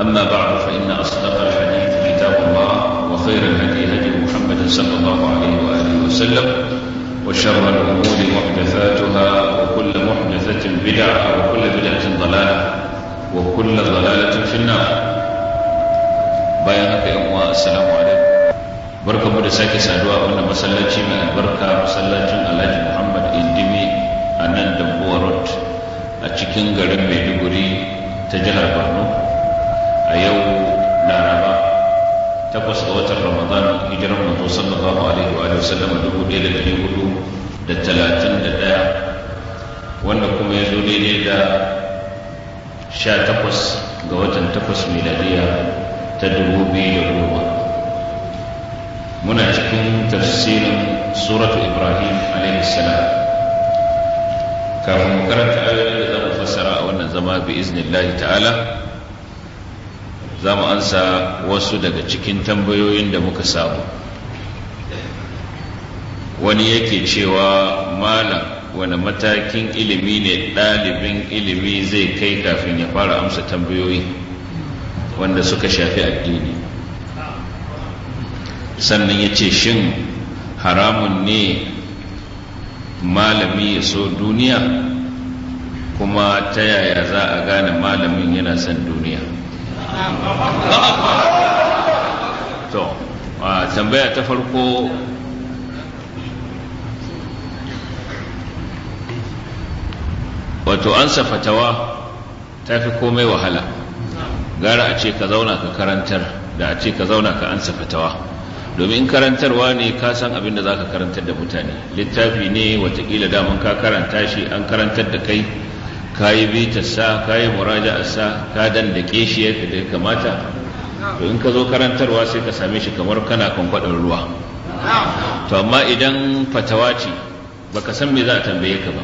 أما بعد فإن أصدق الحديث كتاب الله وخير الهدي هدي محمد صلى الله عليه وآله وسلم وشر الأمور محدثاتها وكل محدثة بدعة وكل بدعة ضلالة وكل ضلالة في النار بيانك يا السلام عليكم بركة mu ساكي sake saduwa مسلاة جيمة بركة مسلاة جيمة alhaji muhammad indimi a nan dambuwa road a cikin garin maiduguri a yau laraba takwas ga watan ramadan hijirar manzo sallallahu alaihi wa sallam dubu ɗaya da ɗari hudu da talatin da ɗaya wanda kuma ya zo daidai da sha takwas ga watan takwas miladiya ta dubu biyu da goma muna cikin tafsirin suratu ibrahim alaihi salam kafin karanta ayoyin da mu fassara a wannan zama bi iznillahi ta'ala za mu ansa wasu daga cikin tambayoyin da muka samu wani yake cewa malam wani matakin ilimi ne ɗalibin ilimi zai kai kafin ya fara amsa tambayoyi wanda suka shafi addini sannan ya ce shin haramun ne malami ya so duniya kuma ta yaya za a gane malamin yana son duniya to tambaya ta farko wato ansa fatawa ta fi komai wahala gara a ce ka zauna ka karantar da a ce ka zauna ka ansa fatawa domin in karantarwa ne ka san abin da za ka karantar da mutane littafi ne watakila damar ka karanta shi an karantar da kai ka yi sa ka yi muraja a sa ka ke shi yadda da kamata to in ka zo karantarwa sai ka same shi kamar kana kwankwaɗin ruwa to amma idan fatawa ce baka san me za a tambaye ka ba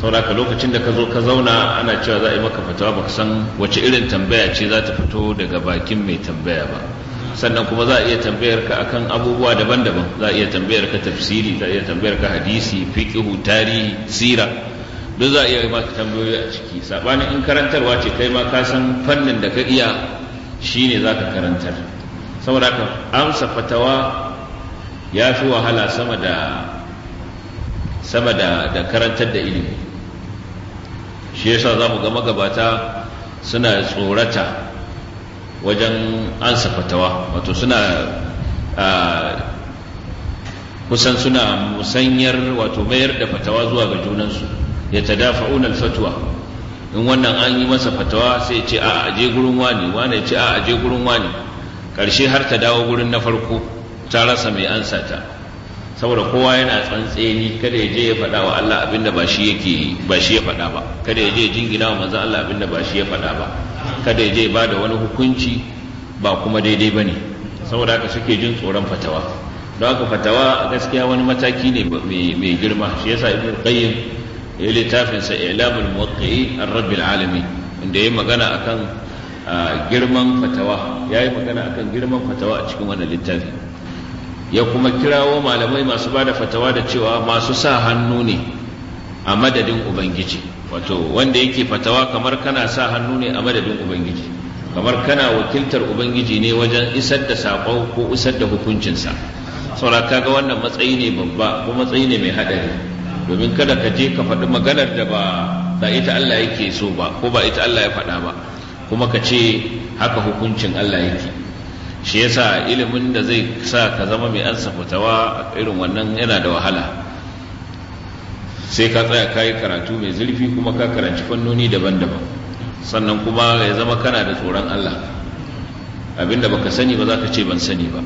saboda lokacin da ka zo ka zauna ana cewa za a yi maka fatawa baka san wace irin tambaya ce za ta fito daga bakin mai tambaya ba sannan kuma za a iya tambayar ka akan abubuwa daban-daban za a iya tambayar ka tafsiri za a iya tambayar ka hadisi fiqhu tarihi sira duk za a iya maka tambayoyi a ciki sabanin in karantarwa ce kai ma ka san fannin da ka iya shine za ka karantar saboda haka amsa fatawa ya fi wahala sama da sama da da karantar da ilimi shi yasa za mu ga magabata suna tsorata wajen ansa fatawa wato suna kusan suna musanyar wato mayar da fatawa zuwa ga junansu ya ta tadafa'una alfatwa in wannan an yi masa fatawa sai ce a aje gurin wani wani ce a aje gurin wani karshe har ta dawo gurin na farko ta rasa mai ansa ta saboda kowa yana tsantseni kada ya je ya faɗa wa Allah abinda ba shi ba shi ya faɗa ba kada ya je jingina wa manzon Allah abinda ba shi ya faɗa ba kada ya je ba da wani hukunci ba kuma daidai bane saboda haka suke jin tsoron fatawa don haka fatawa gaskiya wani mataki ne mai girma shi yasa ibnu qayyim ya littafin sa ilamul muwaqqi'i ar-rabbil alamin inda yayi magana akan girman fatawa yayi magana akan girman fatawa a cikin wannan littafi ya kuma kirawo malamai masu bada fatawa da cewa masu sa hannu ne a madadin ubangiji wato wanda yake fatawa kamar kana sa hannu ne a madadin ubangiji kamar kana wakiltar ubangiji ne wajen isar da saƙo ko isar da hukuncinsa saboda kaga wannan matsayi ne babba ko matsayi ne mai haɗari domin kada ka je ka faɗi maganar da ba ba ita Allah yake so ba ko ba ita Allah ya faɗa ba kuma ka ce haka hukuncin Allah yake shi yasa ilimin da zai sa ka zama mai ansa fitawa irin wannan yana da wahala sai ka tsaya ka yi karatu mai zurfi kuma ka karanci fannoni daban-daban sannan kuma ya zama kana da tsoron Allah abinda baka sani ba za ka ce ban sani ba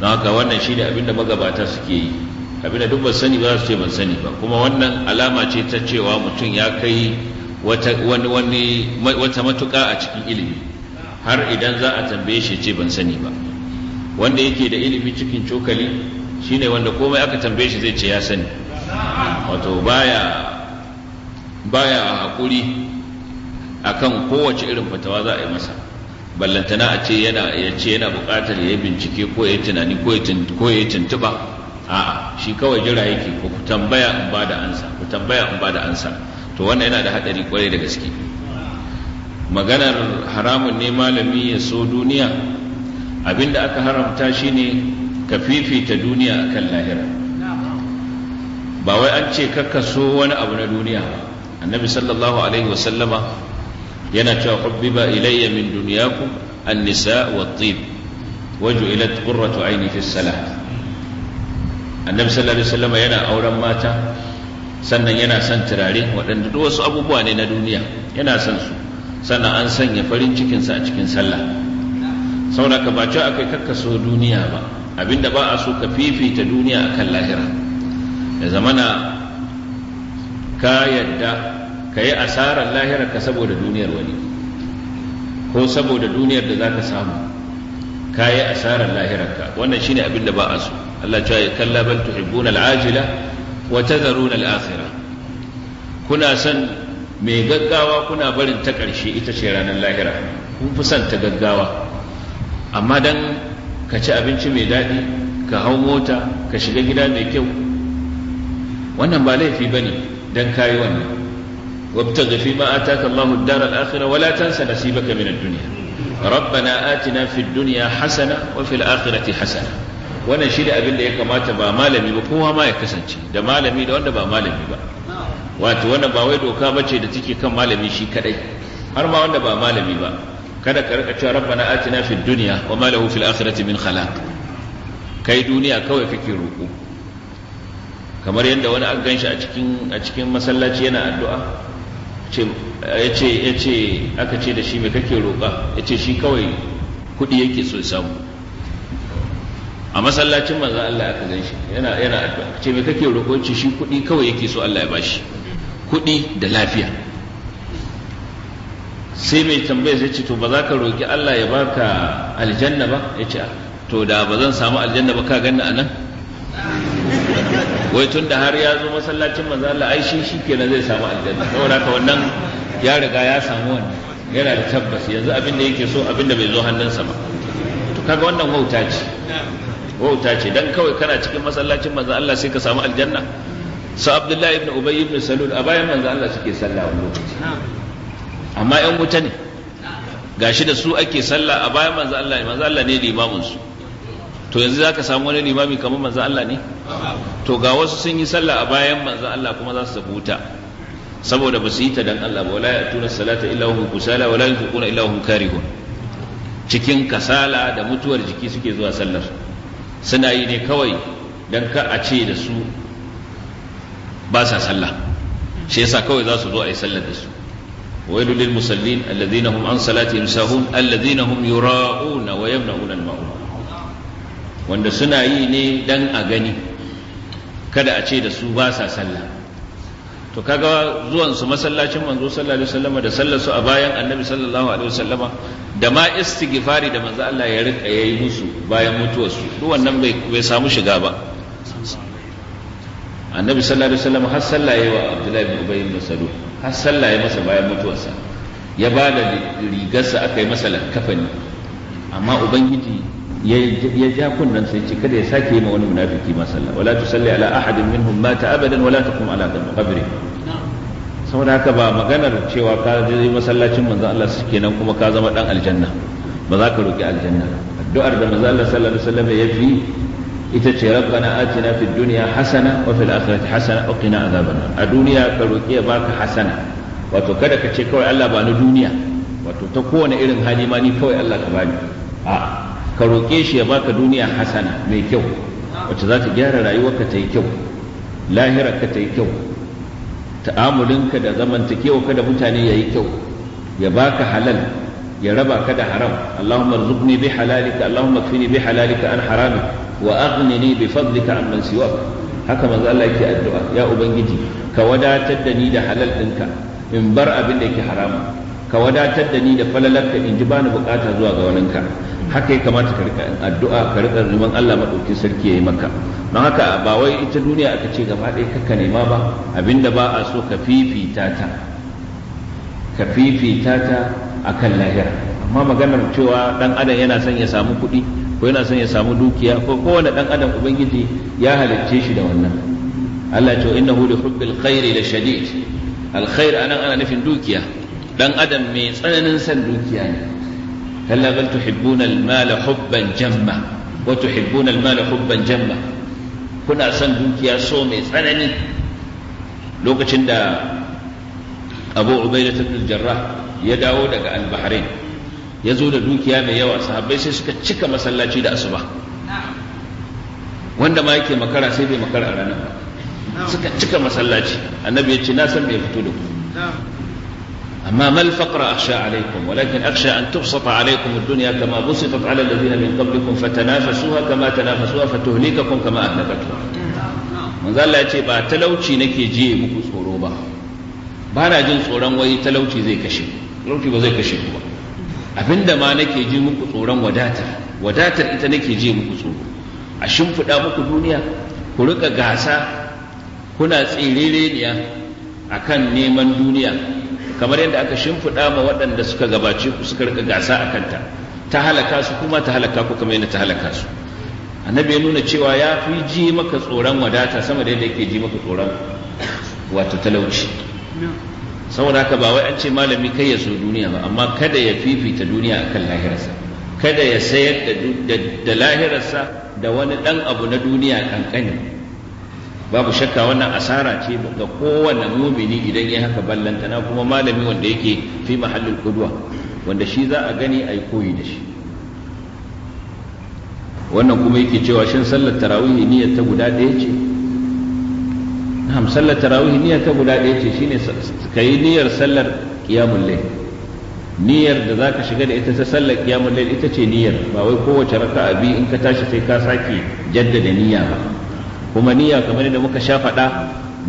don haka wannan shi ne abinda magabata suke yi abinda duk ban sani ba su ce ban sani ba kuma wannan alama ce ta cewa mutum ya kai wata matuka a cikin ilimi har idan za a tambaye shi ce ban sani ba wanda yake da ilimi cikin cokali shine wanda komai aka tambaye shi zai ce ya sani wato baya haƙuri hakuri kan kowace irin fatawa za a yi masa ballantana a ce yana bukatar ya yi bincike ko ya yi tunani ko ya yi tuntuba a'a shi kawai jira yake ku tambaya in ba da ansa ku tambaya in ba da ansa to wannan yana da hadari kwarai da gaske maganar haramun ne malami ya so duniya abinda aka haramta shine ka fifita duniya akan lahira ba wai an ce kakka so wani abu na duniya annabi sallallahu alaihi wasallama yana cewa hubbiba ilayya min dunyakum an-nisa wa tib waj'ilat qurratu ayni fi salah annabi sallallahu alaihi wasallam yana auren mata sannan yana son turare waɗanda duk wasu abubuwa ne na duniya yana son su sannan an sanya farin cikinsa a cikin sallah saboda ka ba cewa akai kakkaso duniya ba abinda ba a so ka fifita duniya akan lahira ya zamana ka yadda ka yi asarar lahirarka saboda duniyar wani ko saboda duniyar da za ka samu ka yi asarar lahirarka wannan shine abin da ba a so Allah cewa yi kalla bal tuhibbuna al'ajila wa tadharuna al'akhirah kuna son mai gaggawa kuna barin ta ƙarshe ita ce ranar lahira kun fi son ta gaggawa amma dan ka ci abinci mai daɗi ka hau mota ka shiga gida mai kyau wannan ba laifi bane dan kayi wannan وابتغ فيما آتاك الله الدار wala tansa nasibaka نصيبك duniya. rabbana atina آتنا في الدنيا حسنة وفي الآخرة حسنة wannan shi da abin da ya kamata ba malami ba kowa ma ya kasance da malami da wanda ba malami ba wato wannan ba wai doka bace da take kan malami shi kadai har ma wanda ba malami ba kada ka rika cewa rabbana atina fid dunya wa ma lahu fil akhirati min khalaq kai duniya kawai kake roƙo kamar yadda wani an ganshi a cikin a cikin masallaci yana addu'a yace yace aka ce da shi me kake roƙa yace shi kawai kuɗi yake so samu a masallacin manzon Allah aka kazan shi yana yana addu'a ce me kake roƙon shi shi kuɗi kawai yake so Allah ya bashi kuɗi da lafiya sai mai tambaya zai ce to ba za ka roƙi Allah ya baka aljanna ba ya ce to da ba zan samu aljanna ba ka ganna a nan wai tun da har ya zo masallacin manzo Allah ai shi kenan zai samu aljanna saboda ka wannan ya riga ya samu wannan yana da tabbas yanzu abin da yake so abin da bai zo hannunsa ba to kaga wannan wauta ce wauta ce dan kawai kana cikin masallacin manzon Allah sai ka samu aljanna su Abdullahi ibn Ubay ibn Salul a bayan manzon Allah suke sallah wani lokaci amma yan wuta ne gashi da su ake sallah a bayan manzon Allah manzon Allah ne limamin su to yanzu zaka samu wani limami kamar manzon Allah ne to ga wasu sun yi sallah a bayan manzon Allah kuma za su tafi wuta saboda ba su yi ta dan Allah ba wala ya'tuna salata illa hum kusala wala yunfiquna illa hum karihun cikin kasala da mutuwar jiki suke zuwa sallar suna yi ne kawai don ka a ce da su ba sa sallah shi yasa kawai za su zo a yi sallar da su wailu lil musallin alladhina hum an salatihim sahun alladhina hum yura'una wa yamna'una al-ma'un wanda suna yi ne dan a gani kada a ce da su ba sa sallah to kaga zuwan su masallacin manzo sallallahu alaihi wasallam da sallar su a bayan annabi sallallahu alaihi wasallama da ma istighfari da manzo Allah ya rika yayi musu bayan mutuwar su duk wannan bai bai samu shiga ba annabi sallallahu alaihi wasallam har sallaye wa Abdullahi ibn Ubay ibn Salul har sallaye masa bayan mutuwarsa ya ba da rigarsa aka yi masa kafani amma ubangiji ya ja kunnan sai ce kada ya sake yi ma wani munafiki ma sallah wala salli ala ahadin minhum mata abadan wala taqum ala qabri saboda haka ba maganar cewa ka je masallacin manzon Allah kenan kuma ka zama dan aljanna ba za ka roki aljanna addu'ar da manzon Allah sallallahu alaihi wasallam ya fi ita ce rabbana atina fid dunya hasana wa fil akhirati hasana wa qina adhaban a duniya ka roki ya baka hasana wato kada ka ce kawai Allah ba na duniya wato ta kowane irin hali ma ni kawai Allah ka bani a'a ka roƙe shi ya baka duniya hasana mai kyau wacce za ta gyara rayuwarka ta yi kyau lahirarka ta yi kyau ta'amulinka da zamantakewarka da mutane ya yi kyau ya baka halal ya raba ka da haram Allahumma zubni bi halalika Allahumma kfini bi halalika an harami wa aghnini bi fadlika amman siwak haka manzo Allah yake addu'a ya ubangiji ka wadatar da ni da halal ɗinka in bar abin da yake harama ka wadatar da ni da falalarka in ji bani bukata zuwa ga waninka haka ya kamata ka rika addu'a ka rika neman Allah madaukin sarki yayi maka don haka ba wai ita duniya aka ce gaba ɗaya kaka nema ba abinda ba a so ka fifita ta ka fifita ta akan lahira amma maganar cewa dan adam yana son ya samu kuɗi ko yana son ya samu dukiya ko kowane dan adam ubangiji ya halicce shi da wannan Allah ce hu li hubbil khairi la shadid khair anan ana nufin dukiya dan adam mai tsananin son dukiya ne kalla bal tuhibbuna al-mala hubban jamma wa tuhibbuna al-mala kuna son dukiya so mai tsanani lokacin da Abu Ubaidah ibn al-Jarrah ya dawo daga al-Bahrain ya da dukiya mai yawa sahabbai sai suka cika masallaci da asuba wanda ma yake makara sai bai makara a ranar ba suka cika masallaci annabi ya ce na san bai fito da ku أما ما الفقر أخشى عليكم ولكن أخشى أن تبسط عليكم الدنيا كما بسطت على الذين من قبلكم فتنافسوها كما تنافسوها فتهلككم كما أهلكتكم من قال لك با تلوشي نكي جي مكو صوروبا بانا جن صوران وي تلوشي زي كشف تلوشي وزي كشف أبن دما نكي جي مكو صوران وداتر وداتر إتا نكي جي مكو صورو أشم فتا مكو كلك غاسا كنا سيليلين يا أكن نيمان دنيا kamar yadda aka shimfiɗa ma waɗanda suka gabace ku suka rika gasa a kanta ta halaka su kuma ta halaka ku kamar yadda ta halaka su annabi ya nuna cewa ya fi ji maka tsoron wadata sama da yadda yake ji maka tsoron wato talauci saboda haka ba wai an ce malami kai ya so duniya ba amma kada ya fifita duniya akan lahirarsa kada ya sayar da lahirarsa da wani ɗan abu na duniya kankani babu shakka wannan asara ce ga kowane mumini idan ya haka ballantana kuma malami wanda yake fi mahallin kudwa wanda shi za a gani a yi koyi da shi wannan kuma yake cewa shin sallar tarawih niyyar ta guda ɗaya ce na'am sallar tarawih niyyar ta guda ɗaya ce shine ka yi niyyar sallar qiyamul layl niyyar da zaka shiga da ita ta sallar qiyamul layl ita ce niyyar ba wai kowace raka'a biyu in ka tashi sai ka sake jaddada niyya ba kuma niyya kamar da muka sha faɗa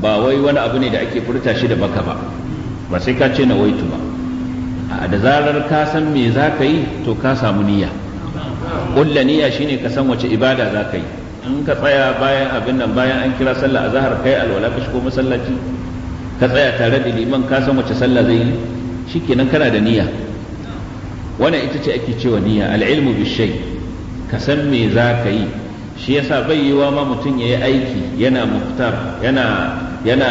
ba wai wani abu ne da ake furta shi da baka ba ba sai ka ce na waitu ba da zarar ka san me za ka yi to ka samu niyya ƙulla niyya shine ka san wace ibada za ka yi in ka tsaya bayan abin nan bayan an kira sallah zahar kai alwala ka shigo masallaci ka tsaya tare da liman ka san wace sallah zai yi shikenan kana da niyya wannan ita ce ake cewa niyya al-ilmu bi ka san me za ka yi shi yasa bai wa ma mutum ya yi aiki yana muktar yana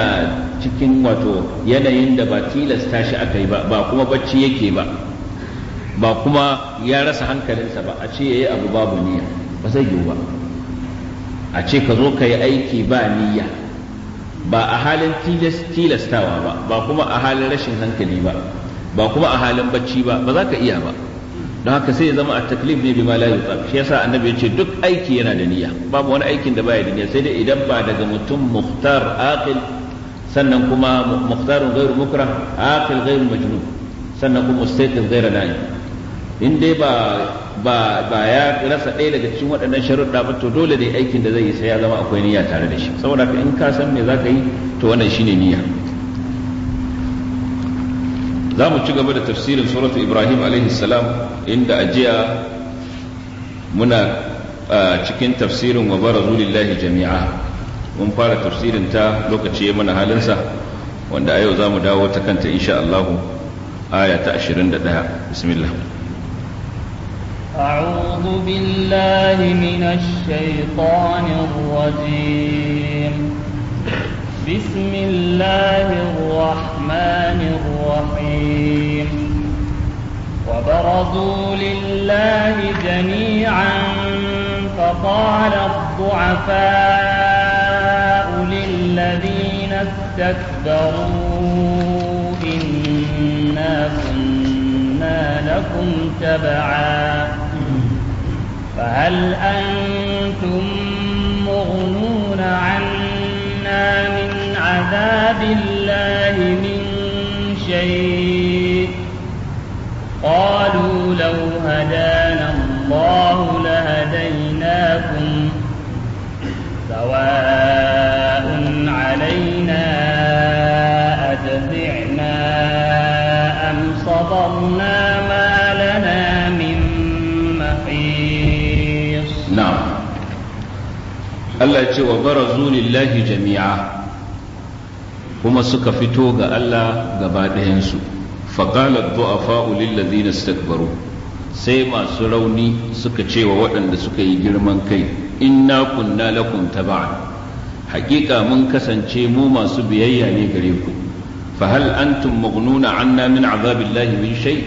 cikin wato yanayin da ba tilasta shi aka yi ba ba kuma bacci yake ba ba kuma ya rasa hankalinsa ba a ce ya yi abu babu niyya ba zai yiwu ba a ce ka zo ka yi aiki ba niyya ba a halin tilastawa ba ba kuma a halin rashin hankali ba ba kuma a halin bacci ba ba za ka iya ba don haka sai ya zama a taklif ne bima la yuqab shi yasa annabi yace duk aiki yana da niyya babu wani aikin da baya da niyya sai dai idan ba daga mutum muhtar aqil sannan kuma muhtarun ghairu mukrah aqil ghairu majnun sannan kuma mustaqil ghairu na'i in dai ba ba ba ya rasa ɗaya daga cikin waɗannan sharuɗa ba to dole ne aikin da zai yi sai ya zama akwai niyya tare da shi saboda in ka san me zaka yi to wannan shine niyya za mu ci gaba da tafsirin suratu ibrahim alaihi salam inda ajiya muna cikin tafsirin wa barazu lillahi jami'a mun fara tafsirin ta lokaci ya mana halinsa wanda a yau za mu dawo ta kanta insha Allahu aya ta 21 bismillah أعوذ بالله من الشيطان الرجيم بسم الله الرحمن الرحيم وبرزوا لله جميعا فقال الضعفاء للذين استكبروا إنا كنا لكم تبعا فهل أنتم مغنون عنا من عذاب الله من شيء قالوا لو هدانا الله لهديناكم سواء علينا أجزعنا أم صبرنا ما لنا من محيص نعم الله يقول وبرزوا جميعا kuma suka fito ga Allah gaba ɗayansu faƙalar du'afa lillazina istakbaru sai masu rauni suka ce wa waɗanda suka yi girman kai inna kunna lakum taba'an haƙiƙa mun kasance mu masu biyayya ne gare ku fa hal antum maghnuna anna min azabillahi min shay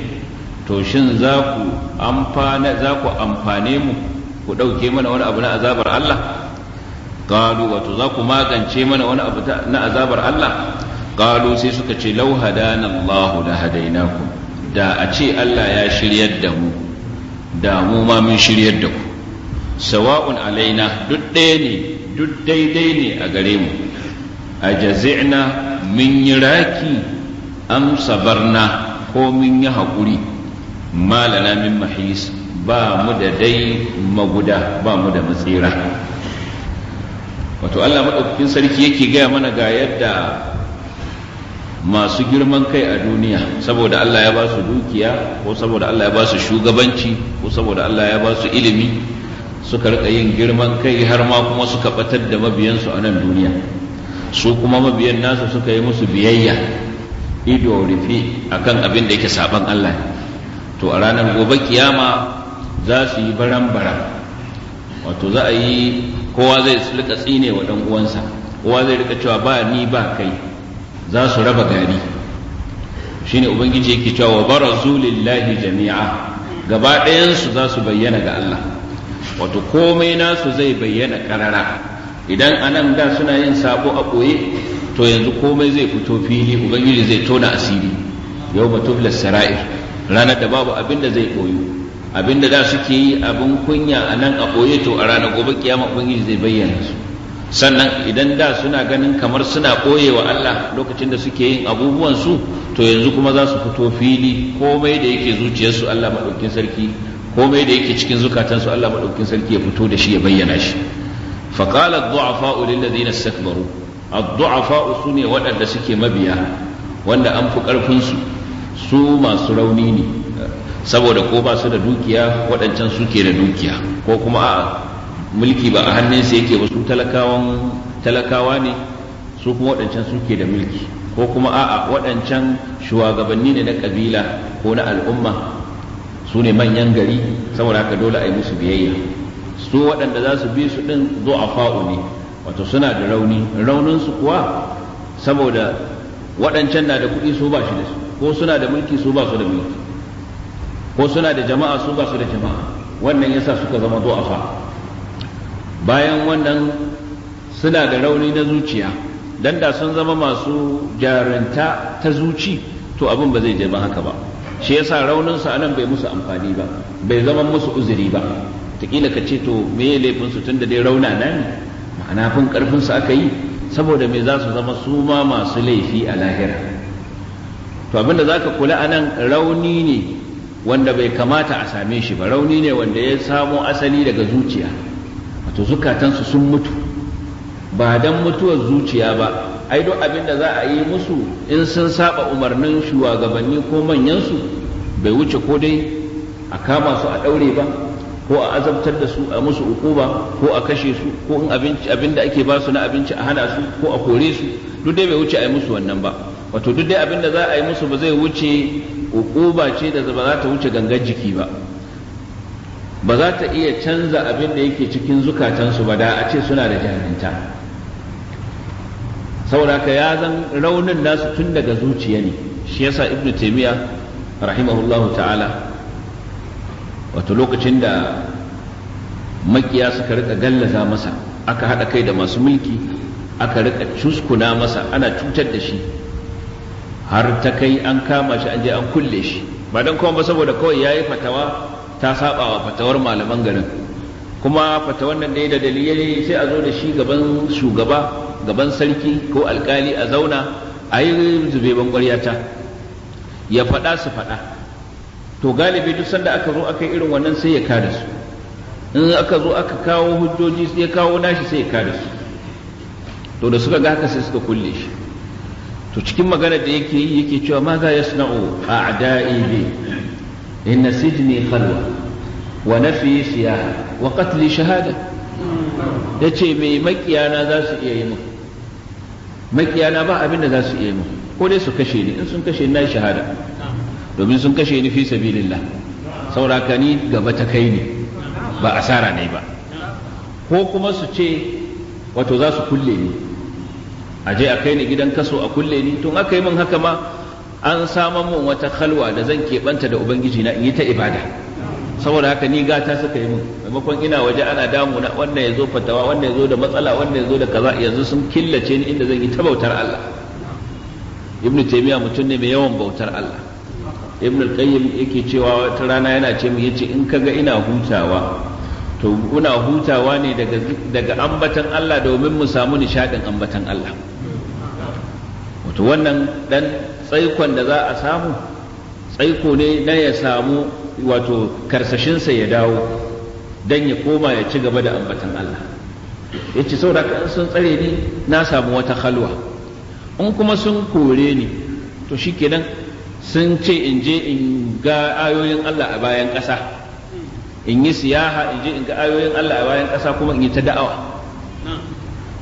to shin za ku amfane mu ku ɗauke mana wani abu na azabar Allah qalu wato za ku magance mana wani abu na azabar Allah qalu sai suka ce law hadana Allahu la hadainakum da a ce Allah ya shiryar da mu da mu ma mun shiryar da ku sawa'un alaina duk ɗaya ne duk daidai ne a gare mu a jazi'na mun yi raki am sabarna ko mun yi haƙuri malana min mahis ba mu da dai maguda ba mu da matsira wato Allah maɗaukakin sarki yake gaya mana ga yadda masu girman kai a duniya saboda Allah ya ba su dukiya ko saboda Allah ya ba su shugabanci ko saboda Allah ya ba su ilimi suka rika yin girman kai har ma kuma suka batar da mabiyansu a nan duniya su kuma mabiyan nasu suka yi musu biyayya ido rufe kan abin da yake saban Allah to a ranar gobe kiyama za su yi baran-baran wato za a yi kowa zai rika tsine wa dan uwansa kowa zai rika cewa ba ni ba kai za su raba gari shine ubangiji yake cewa wa barazu lillahi jami'a gaba ɗayansu za su bayyana ga Allah wato komai nasu zai bayyana karara idan anan da suna yin sabo a ɓoye to yanzu komai zai fito fili ubangiji zai tona asiri yau batublas sara'ir ranar da babu abin da zai koyo abinda da suke yi abin kunya a nan a ɓoye to a ranar gobe kiyama ubangiji zai bayyana su sannan idan da suna ganin kamar suna ɓoye wa Allah lokacin da suke yin abubuwan su to yanzu kuma za su fito fili komai da yake zuciyarsu Allah maɗaukin sarki komai da yake cikin su Allah maɗaukin sarki ya fito da shi ya bayyana shi qala ad-du'afa'u lilladhina istakbaru ad-du'afa'u sune waɗanda suke mabiya wanda an fi ƙarfin su su masu rauni ne saboda ko ba su da dukiya waɗancan suke da dukiya ko kuma a mulki ba a hannunsa yake ba su talakawan talakawa ne su kuma waɗancan suke da mulki ko kuma a'a waɗancan shugabanni ne na ƙabila ko na al'umma su ne manyan gari saboda haka dole a yi musu biyayya su waɗanda za su bi su ɗin zo a fa'u ne wato suna da rauni rauninsu kuwa saboda waɗancan na da kuɗi su ba shi da su ko suna da mulki su ba su da mulki ko suna da jama'a su ba su da jama'a wannan yasa suka zama du'afa bayan wannan suna da rauni na zuciya dan da sun zama masu jarinta ta zuci to abin ba zai je ba haka ba shi yasa raunin su anan bai musu amfani ba bai zama musu uzuri ba takila ka ce to me ya laifin su tunda dai rauna na ne ma'ana fin karfin su aka yi saboda me za su zama su ma masu laifi a lahira to abin abinda zaka kula anan rauni ne wanda bai kamata a same shi ba rauni ne wanda ya samo asali daga zuciya wato zukatansu sun mutu ba dan mutuwar zuciya ba ai duk abin da za a yi musu in sun saba umarnin shugabanni ko manyansu bai wuce ko dai a kama su a daure ba ko a azabtar da su a musu ukuba ko a kashe su ko in abin da ake ba su na abinci a hana su ko a kore su duk dai bai wuce a yi musu wannan ba wato duk dai abin da za a yi musu ba zai wuce ba ce da ba za ta wuce gangan jiki ba ba za ta iya canza abin da yake cikin zukatansu ba da a ce suna da jahilinta saboda ka ya zan raunin nasu tun daga zuciya ne shi yasa ibn taymiya rahimahullahu ta'ala wato lokacin da makiya suka rika gallaza masa aka haɗa kai da masu mulki aka rika cuskuna masa ana cutar da shi har ta kai an kama shi an je an kulle shi ba don kuma ba saboda kawai ya yi fatawa ta saba wa fatawar malaman garin kuma fatawar nan da ya dalili sai a zo da shi gaban shugaba gaban sarki ko alkali a zauna a yi zube ban ta ya faɗa su faɗa to galibi duk sanda aka zo aka irin wannan sai ya kada su in aka zo aka kawo hujjoji sai ya kawo nashi sai ya kada su to da suka ga haka sai suka kulle shi to cikin magana da yake yi yake cewa ma za a a'da'i bi inna sijni khalwa wa nafi siyaha wa qatli shahada ce mai makiyana za su iya yi min makiyana ba abin da za su iya min ko dai su kashe ni in sun kashe ni na shahada domin sun kashe ni fi sabilillah sauraka ni gaba ta kai ni ba asara ne ba ko kuma su ce wato za su kulle ni a je a kai ni gidan kaso a kulle ni tun aka yi min haka ma an saman min wata khalwa da zan keɓanta da ubangiji na in yi ta ibada saboda haka ni gata suka yi min maimakon ina waje ana damu na wannan ya zo fatawa wannan ya zo da matsala wannan ya zo da kaza yanzu sun killace ni inda zan yi ta bautar Allah ibn taymiya mutum ne mai yawan bautar Allah ibn al-qayyim yake cewa wata rana yana ce mu yace in kaga ina hutawa to ina hutawa ne daga daga ambatan Allah domin mu samu nishadin ambatan Allah wato wannan dan tsaikon da za a samu tsaiko ne na ya samu wato karsashinsa ya dawo don ya koma ya ci gaba da ambatan Allah ya ce saboda sun tsare ni na samu wata halwa in kuma sun kore ni to shikenan sun ce in je in ga ayoyin Allah a bayan ƙasa in yi siyaha in je in ga ayoyin Allah a bayan ƙasa kuma in yi ta da'awa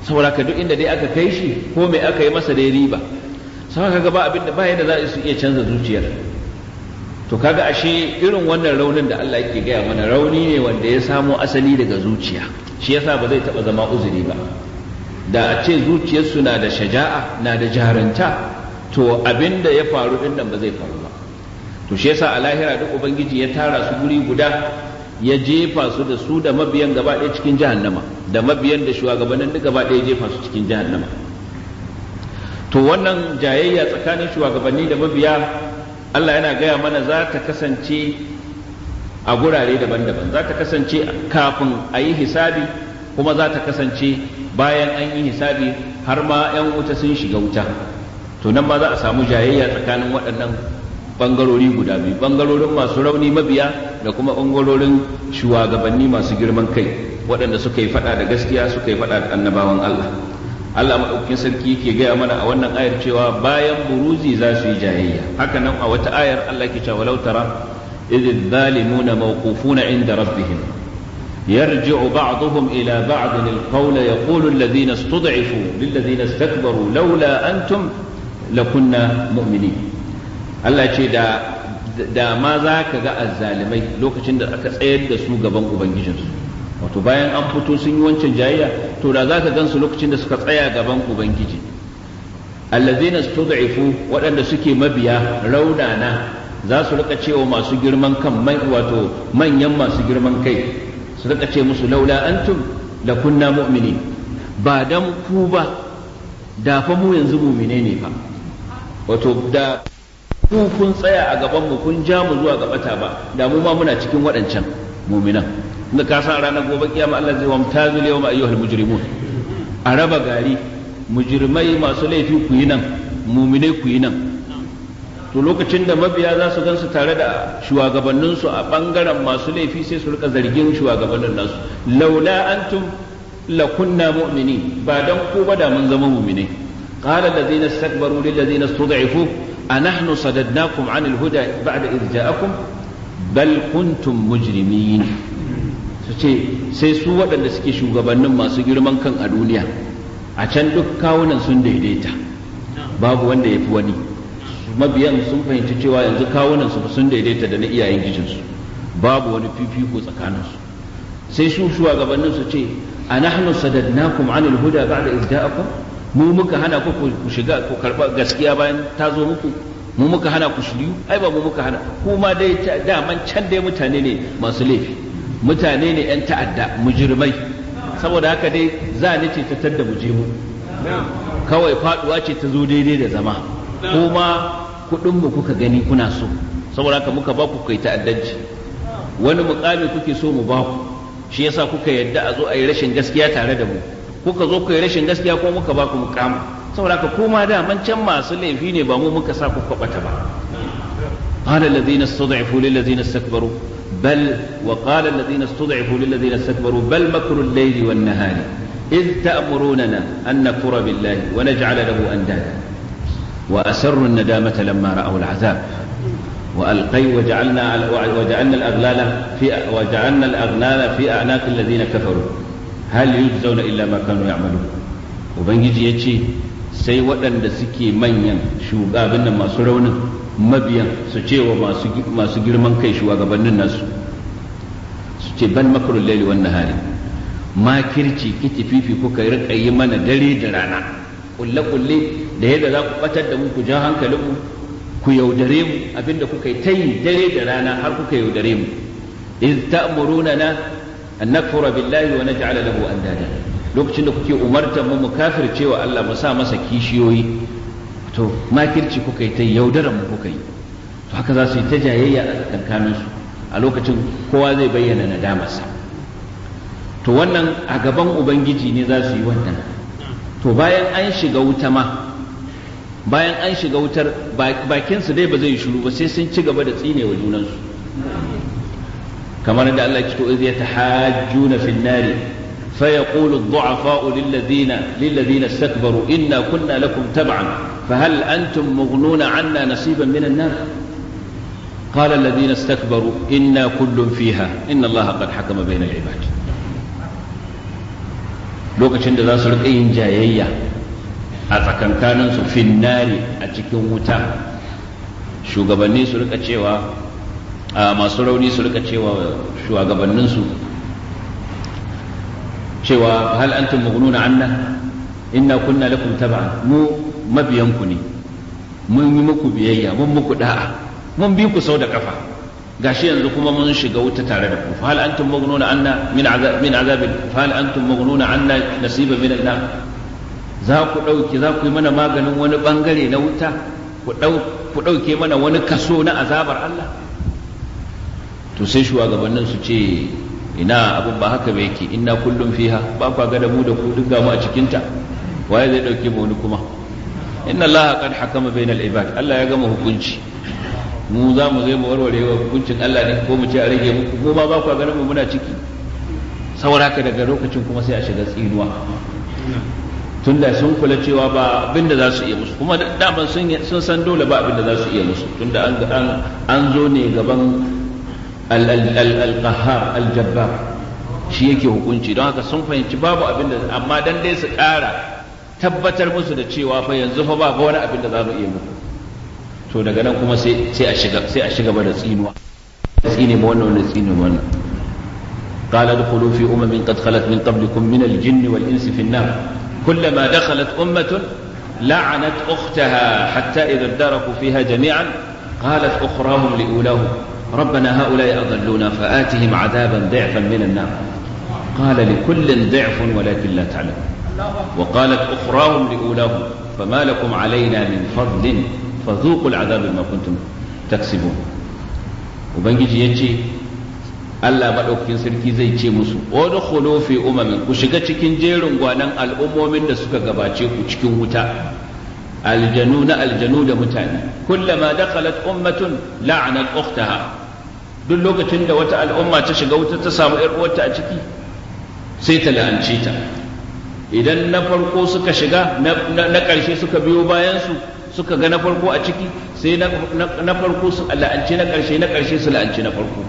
saboda ka duk inda dai aka kai shi ko mai aka yi masa dai riba sai ka gaba abin da ba da za su iya canza zuciyar to kaga ashe irin wannan raunin da Allah yake gaya mana rauni ne wanda ya samo asali daga zuciya shi yasa ba zai taba zama uzuri ba da a ce zuciyarsu na da shaja'a na da jaranta to abin da ya faru din nan ba zai faru ba to shi yasa a lahira duk ubangiji ya tara su guri guda ya jefa su da su da mabiyan gaba ɗaya cikin jahannama da mabiyan da shugabannin duk gaba ɗaya jefa su cikin jahannama to wannan jayayya tsakanin shugabanni da mabiya Allah yana gaya mana za ta kasance a gurare daban-daban za ta kasance kafin a yi hisabi kuma za ta kasance bayan an yi hisabi har ma 'yan wuta sun shiga wuta to nan ma za a samu jayayya tsakanin waɗannan bangarori guda biyu bangarorin masu rauni mabiya da kuma ɓangarorin shugabanni masu girman kai waɗanda suka yi faɗa da gaskiya suka yi faɗa da annabawan Allah Allah maɗaukin sarki yake gaya mana a wannan ayar cewa bayan buruzi za su yi jahiliya haka nan a wata ayar Allah ke cewa walau tara idh zalimuna mawqufuna inda rabbihim يرجع بعضهم إلى بعض القول يقول الذين استضعفوا للذين istakbaru لولا antum lakunna mu'minin Allah ce da da ma za ka ga azzalimai lokacin da aka tsayar da su gaban ubangijinsu wato bayan an fito sun yi wancan jayayya to da za zaka gansu lokacin da suka tsaya gaban ubangiji allazina stud'ifu waɗanda suke mabiya raunana za su rika cewa masu girman kan mai wato manyan masu girman kai su rika ce musu laula antum la kunna mu'minin ba dan ku ba da fa mu yanzu mu'mine ne fa wato da ku kun tsaya a gaban mu kun ja mu zuwa ga ba da mu ma muna cikin waɗancan mu'minan da ka san ranar gobe kiyama Allah zai wamta zul yawma ayyuhal mujrimun a raba gari mujrimai masu laifi ku yi nan muminai ku yi nan to lokacin da mabiya za su gansu tare da shugabannin su a bangaren masu laifi sai su rika zargin shugabannin nasu laula antum lakunna mu'minin ba dan ku ba da mun zama muminai qala allazina istakbaru lil ladzina istud'ifu anahnu sadadnakum 'anil huda ba'da idh ja'akum bal kuntum mujrimin ce sai su waɗanda suke shugabannin masu girman kan a duniya a can duk kawunan sun daidaita babu wanda ya fi wani mabiyan sun fahimci cewa yanzu kawunan su sun daidaita da na iyayen gijinsu babu wani fifiko tsakaninsu sai su shugabannin su ce a nahnu sadadnakum anil huda ba'da izda'akum mu muka hana ku ku shiga ku karba gaskiya bayan ta zo muku mu muka hana ku shiru ai ba mu muka hana kuma ma dai daman can dai mutane ne masu laifi mutane ne 'yan ta'adda mujirmai saboda haka dai za ni ce ta da mujimu kawai faduwa ce ta zo daidai da zama kuma kuɗin mu kuka gani kuna so saboda haka muka ba ku kai ta'addanci wani mukami kuke so mu ba ku shi yasa kuka yadda a zo a yi rashin gaskiya tare da mu kuka zo ku yi rashin gaskiya kuma muka ba ku mukama saboda haka kuma da man can masu laifi ne ba mu muka sa ku kwabata ba qala alladhina istad'afu lil istakbaru بل وقال الذين استضعفوا للذين استكبروا بل مكر الليل والنهار إذ تأمروننا أن نكفر بالله ونجعل له أندادا وأسروا الندامة لما رأوا العذاب وألقي وجعلنا وجعلنا الأغلال في وجعلنا الأغلال في أعناق الذين كفروا هل يجزون إلا ما كانوا يعملون وبنجي يجي سي ودن suke manyan شو nan ما raunin mabiyan su ce wa masu girman kai shugabannin nasu su ce ban makarun laili wannan hari makirci ki fifi kuka rika yi mana dare da rana kulle kulle da yadda za ku batar da mu ku ja hankalin mu ku yaudare mu abinda kuka yi ta yi dare da rana har kuka yaudare mu iz ta'muruna na an nakfura billahi wa naj'ala lahu andada lokacin da kuke umartar mu mu kafircewa Allah mu sa masa kishiyoyi to makirci kuka yi ta yaudara mu kuka yi to haka za su yi ta jayayya a su a lokacin kowa zai bayyana nadamarsa to wannan a gaban ubangiji ne za su yi wannan to bayan an shiga wuta ma bayan an shiga wutar bakinsu dai ba zai shiru ba sai sun ci gaba da tsine wa junansu kamar da Allah ya ce to iz yatahajjuna nari فيقول الضعفاء للذين للذين استكبروا إنا كنا لكم تبعا فهل أنتم مغنون عنا نصيبا من النار قال الذين استكبروا إنا كل فيها إن الله قد حكم بين العباد lokacin da za su riƙa yin jayayya a tsakankaninsu finnari a cikin wuta shugabanni su rika cewa masu rauni su rika cewa cewa hal antum mughnuna anna inna kunna lakum tab'an mu mabiyanku ne mun yi muku biyayya mun muku da'a mun bi ku sau da kafa gashi yanzu kuma mun shiga wuta tare da ku hal antum mughnuna anna min azab min azab hal antum mughnuna anna nasiba min an za ku dauki za ku yi mana maganin wani bangare na wuta ku dau ku dauke mana wani kaso na azabar Allah to sai shugabannin su ce ina abin ba haka ba yake inna kullum fiha ba kwa ga da mu da ku duk mu a cikin ta waye zai dauke mu wani kuma inna allaha qad hakama bainal ibad Allah ya gama hukunci mu za mu zai mu warware wa hukuncin Allah ne ko mu ce a rage muku ko ma ba kwa ga mu muna ciki sauraka daga lokacin kuma sai a shiga tsinuwa tunda sun kula cewa ba abin da za su iya musu kuma daman sun san dole ba abin da za su iya musu tunda an zo ne gaban al-qahhar al shi yake hukunci don haka sun fahimci babu abin da amma dan dai su kara tabbatar musu da cewa fa yanzu fa ba wani abin da za mu iya muku to daga nan kuma sai a shiga sai a shiga ba da tsinuwa tsine ma wannan wannan tsine ma wannan قال ادخلوا في أمم قد خلت من قبلكم من الجن والإنس في النار كلما ummatun la'anat لعنت hatta حتى إذا اداركوا فيها جميعا قالت أخراهم لأولاهم ربنا هؤلاء أضلونا فآتهم عذابا ضعفا من النار قال لكل ضعف ولكن لا تعلم وقالت أخراهم لأولاهم فما لكم علينا من فضل فذوقوا العذاب بما كنتم تكسبون وبنجي يجي ألا بلوك في سركي زي تيموسو ودخلوا في أمم وشكا تكين جيرون وانان الأمم من نسكا قباتي وشكو متا الجنون الجنود متاني كلما دخلت أمة لعنت أختها duk lokacin da wata al'umma ta shiga wuta ta samu ‘yar uwarta a ciki sai ta la'ance ta idan na farko suka shiga na ƙarshe suka biyo bayansu suka ga na farko a ciki sai na farko su la'ance na ƙarshe na ƙarshe su la'ance na farko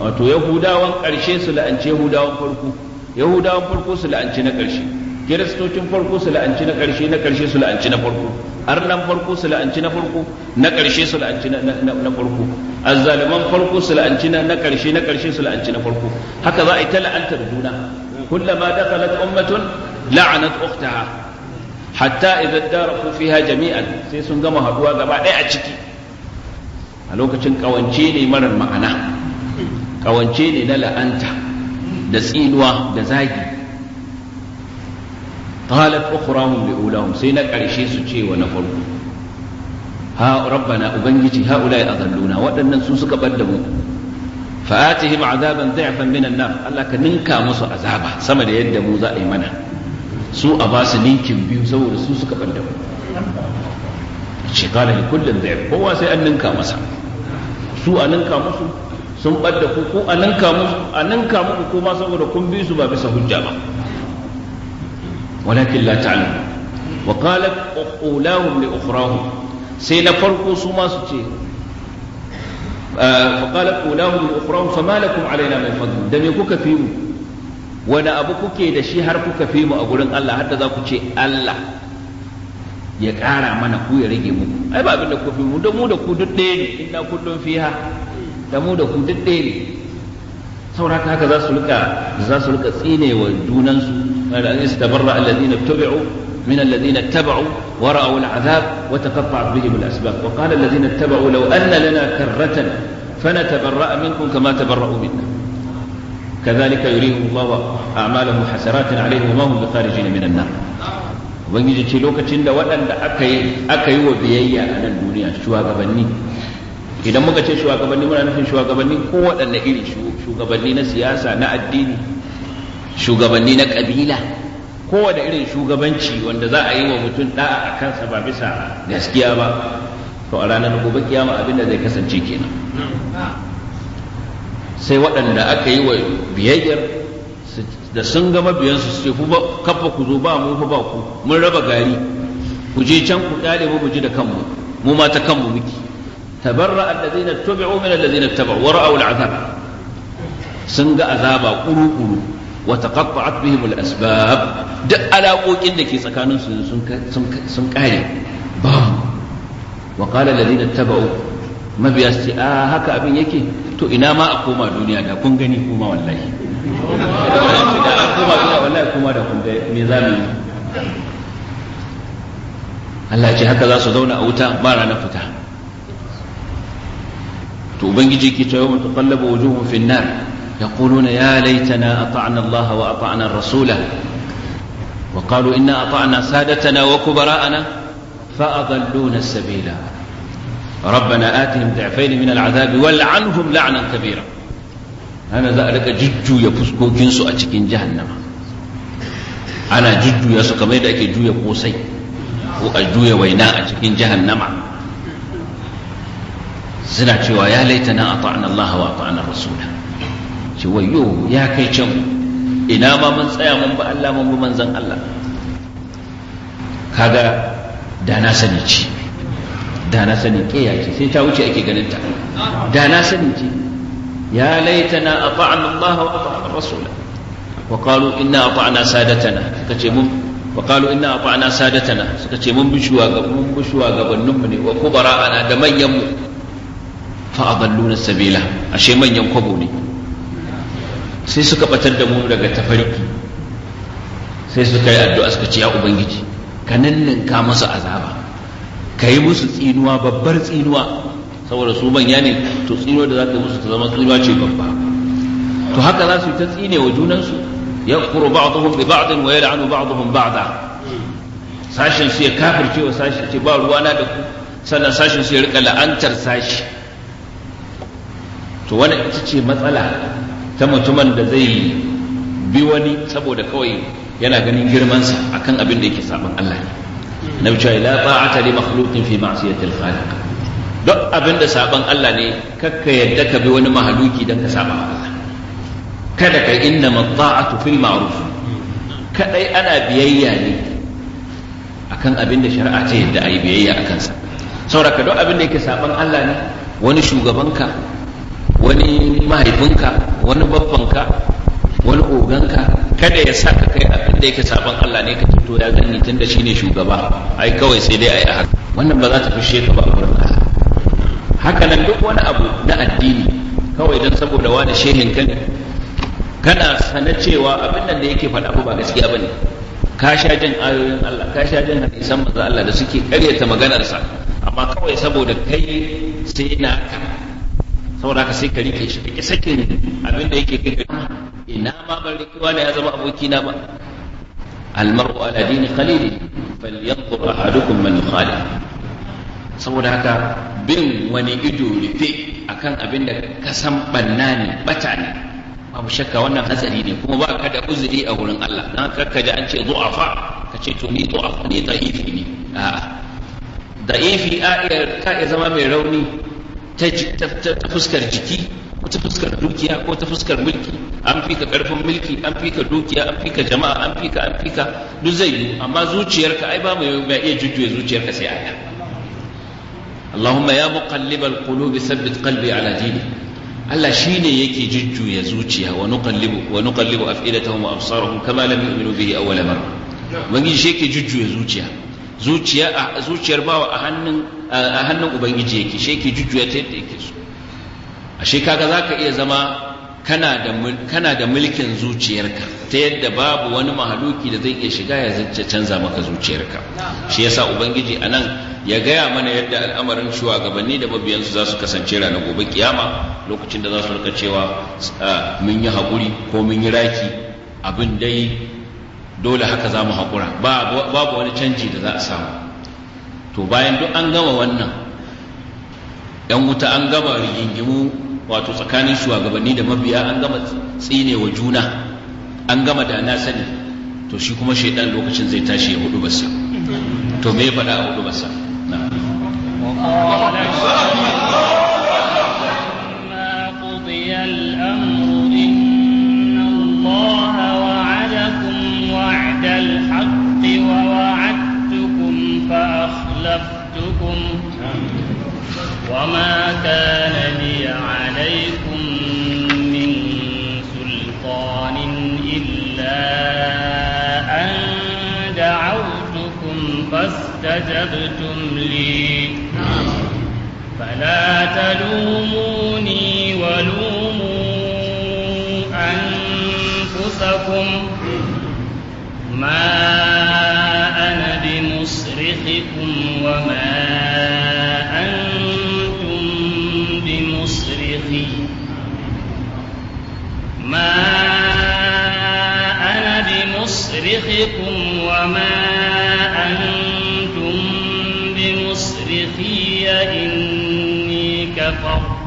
wato yahudawan ƙarshe su la'ance yahudawan farko yahudawan farko su la'ance na ƙarshe kiristocin farko su la'anci na ƙarshe na ƙarshe su la'anci na farko arnan farko su la'anci na farko na ƙarshe su la'anci na farko azzaliman farko su la'anci na ƙarshe na ƙarshe su la'anci na farko haka za a yi ta la'antar juna kullama dakhalat ummatun la'anat ukhtaha hatta idza daraku fiha jami'an sai sun gama haduwa gaba ɗaya a ciki a lokacin kawance ne marar ma'ana kawance ne na la'anta da tsinuwa da zagi qalat ukhrahum liulahum sai na karshe su ce wa na farko ha rabbana ubangiji haula'i azalluna waɗannan su suka bar da mu fa'atihim azaban da'fan minan nar Allah ka ninka musu azaba sama da yadda mu za yi mana su a ba ninkin biyu saboda su suka bar da mu ce qala li kullin da'f kowa an ninka masa su a ninka musu sun ku a ninka musu a ninka kuma saboda kun bi su ba bisa hujja ba walakin la ta'lamu wa qalat ulahum li ukhrahum sai na farko suma ma su ce fa ah, qalat ulahum li ukhrahum fama lakum alaina mai fadl da me kuka fi mu wani abu kuke da shi har kuka fi mu a gurin Allah har da za ku ce Allah ya ƙara mana ku ya rage muku ai ba abin da ku fi mu da mu da ku duk ɗaya ne inna kullun fiha da mu da ku duk ɗaya ne haka za su rika za su rika tsine wa junansu أن يستبرأ الذين اتبعوا من الذين اتبعوا ورأوا العذاب وتقطعت بهم الأسباب وقال الذين اتبعوا لو أن لنا كرة فنتبرأ منكم كما تبرأوا منا كذلك يريهم الله أعمالهم حسرات عليهم وما هم بخارجين من النار ubangiji ce lokacin da waɗanda aka yi wa biyayya a nan duniya shugabanni idan muka ce shugabanni muna nufin shugabanni ko waɗanda iri shugabanni na siyasa na addini shugabanni na ƙabila kowane irin shugabanci wanda za a yi wa mutum da'a a kansa ba bisa gaskiya ba to a ranar gobe kiyama abin da zai kasance kenan sai waɗanda aka yi wa biyayyar da sun ga mabiyansu su ce kafa ku zo ba mu ba ku mun raba gari ku je can ku dale mu mu ji da kanmu mu ma ta kanmu muke tabarra allazina tabi'u min allazina tabu wa ra'u al'azab sun ga azaba kuru kuru wa taqatta'at bihim al-asbab duk alaƙoƙin da ke tsakanin su sun kare babu wa qala alladhina tabau mabiya su ce haka abin yake to ina ma a koma duniya da kun gani kuma wallahi da wallahi kuma da kun gani me yi Allah ce haka za su zauna a wuta mara na fita to ubangiji ke cewa mutaqallabu wujuhum fi nar يقولون يا ليتنا أطعنا الله وأطعنا الرسول وقالوا إنا أطعنا سادتنا وكبراءنا فأضلون السبيل ربنا آتهم ضعفين من العذاب والعنهم لعنا كبيرا أنا ذلك ججو يفسكو جنس أتكين جهنم أنا ججو يسكو كما يدأك جو يقوسي وأجو يوينا أتكين جهنم سنة يا ليتنا أطعنا الله وأطعنا الرسول ce wayo ya kai can ina ma mun tsaya mun ba Allah mun bi manzon Allah kaga da na sani ce. da na sani ke ya ce sai ta wuce ake ganin ta da na sani ce. ya laitana ata'an Allah wa ata'an rasul wa qalu inna ata'na sadatana suka ce mun wa qalu inna ata'na sadatana suka ce mun bi shugaban mun shugabannin mu ne wa kubara ana da manyan mu fa adalluna sabila ashe manyan kwabo ne sai suka batar da mu daga tafarki sai suka yi addu'a suka ce ya ubangiji ka ninninka masa azaba ka yi musu tsinuwa babbar tsinuwa saboda su manya ne to tsinuwa da za ka yi musu ta zama tsinuwa ce babba to haka za su yi ta tsine wa junansu ya kuro ba'dhum bi ba'd wa yal'anu ba'dhum ba'da sashin su ya kafirce wa sashin ce ba na da ku sannan sashin su ya rika la'antar sashi to wannan ita ce matsala ta mutumin da zai bi wani saboda kawai yana ganin girmansa akan abin da yake saban Allah ne na cewa la ta'ata li makhluqin fi ma'siyati khaliq duk abin da saban Allah ne kakka yadda ka bi wani mahaluki dan ka saba Allah kada ka inna mata'atu fil ma'ruf kadai ana biyayya ne akan abin da shari'a ta yadda ayi biyayya akan sa sauraka duk abin da yake saban Allah ne wani shugabanka wani mahaifinka wani babbanka wani oganka kada ya sa ka kai abin da yake sabon Allah ne ka fito ya gani tunda shine shugaba ai kawai sai dai ai a haka wannan ba za ta fushe ka ba a gurin haka nan duk wani abu na addini kawai dan saboda wani shehin ka ne kana sana cewa abin nan da yake faɗa ba gaskiya bane ka sha jin ayoyin Allah ka sha jin hadisan manzo Allah da suke karyata maganarsa amma kawai saboda kai sai naka saboda haka sai ka rike shi kake sakin abinda yake kai ina ma ban rike wani ya zama aboki na ba almar'u ala dini khalili falyanzur ahadukum man yukhalif saboda haka bin wani ido rufe akan abin da ka san banna ne bata ne babu shakka wannan hatsari ne kuma ba ka da uzuri a wurin Allah dan ka ji an ce du'afa ka ce to ni du'afa ne da'ifi ne a'a da'ifi a ka zama mai rauni ta fuskar jiki ko ta fuskar dukiya ko ta fuskar mulki an fika karfin mulki an fika dukiya an fika jama'a an fika an fika duk zai yi amma zuciyarka ai ba mai iya jujjuya zuciyarka sai Allah Allahumma ya muqallibal qulubi thabbit qalbi ala dini Allah shine yake jujjuya zuciya wa nuqallibu ba nuqallibu af'idatahum wa absarahum kama lam yu'minu bihi awwala marra wani shi yake jujjuya zuciya zuciyar bawa a hannun a hannun ubangiji yake shi yake jujjuya ta yadda yake so ashe kaga za ka iya zama kana da mulkin zuciyarka ta yadda babu wani mahaluki da zai iya shiga ya canza maka zuciyarka shi yasa ubangiji a nan, ya gaya mana yadda al'amarin shugabanni da mabiyansu za su kasance rana gobe kiyama lokacin da za su rika cewa mun yi haƙuri ko mun yi raki abin dai dole haka za mu haƙura babu wani canji da za a samu to bayan duk an gama wannan yan wuta an gama rigingimu wato tsakanin shugabanni da mabiya an gama tsine wa juna an gama da na sani to shi kuma shaidan lokacin zai tashi ya hudu basa to me ya faɗa a hudu basa na خلفتكم وما كان لي عليكم من سلطان إلا أن دعوتكم فاستجبتم لي فلا تلوموني ولوموا أنفسكم ما أنا مصرخكم وما أنتم بمصرخي ما أنا بمصرخكم وما أنتم بمصرخي إني كفرت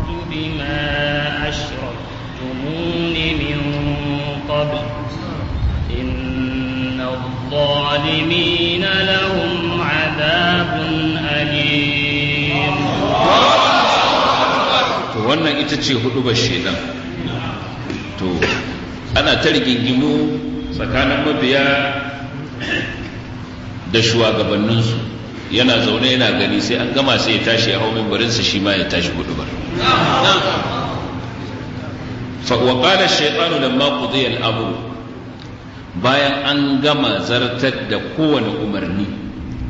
wannan ita ce hudubar shaidan to ana ta rigingimu tsakanin mabiya da shugabanninsu yana zaune yana gani sai an gama sai ya tashi ya hau mimbarinsa shi ma ya tashi hudubar وقال da maku zai الأمر bayan an gama zartar da kowane umarni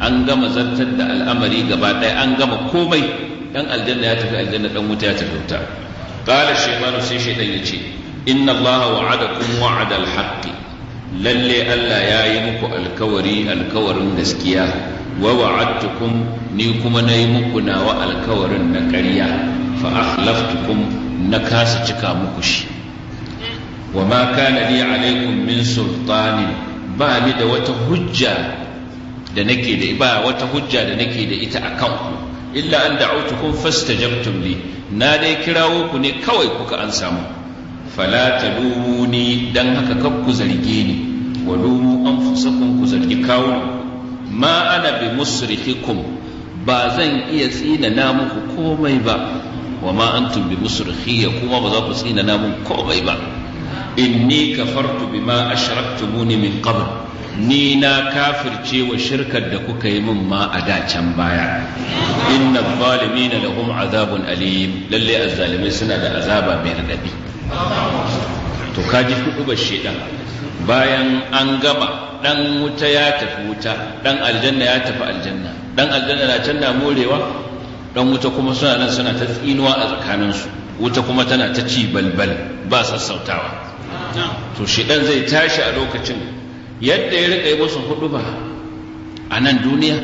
an gama zartar da al'amari gaba ɗaya an gama komai dan aljanna ya tafi aljanna dan wuta ya tafi wuta qala shaymanu sai shaydan yace inna allaha wa'adakum wa'ada al-haqq lalle Allah ya yi muku alkawari alkawarin gaskiya wa wa'adtukum ni kuma nayi muku nawa alkawarin na ƙarya fa akhlaftukum na kasa cika muku shi wa ma kana li alaikum min sultanin ba ni da wata hujja da nake da ba wata hujja da nake da ita akan ku illa an fasta fastajabtum li na dai kirawo ku ne kawai kuka an samu fala talumuni dan haka kan ku zarge ni wa lumu anfusakum ku zargi kawunan ma ana bi musrikikum ba zan iya tsina muku komai ba wa ma antum bi musrikhiya kuma ba za ku tsina mun komai ba inni kafartu bima ashraktumuni min qabl ni na kafirce wa shirkar da kuka yi min ma a dacen baya inna na lahum azabun alim lalle azzalimai suna da azaba mai raɗaɗi. to kaji kudu ba shedan bayan an gama dan wuta ya tafi wuta dan aljanna ya tafi aljanna dan aljanna na can morewa dan wuta kuma suna nan suna ta tsinuwa a tsakaninsu wuta kuma tana ta ci balbal ba sassautawa to shedan zai tashi a lokacin yadda ya rika yi musu ba a nan duniya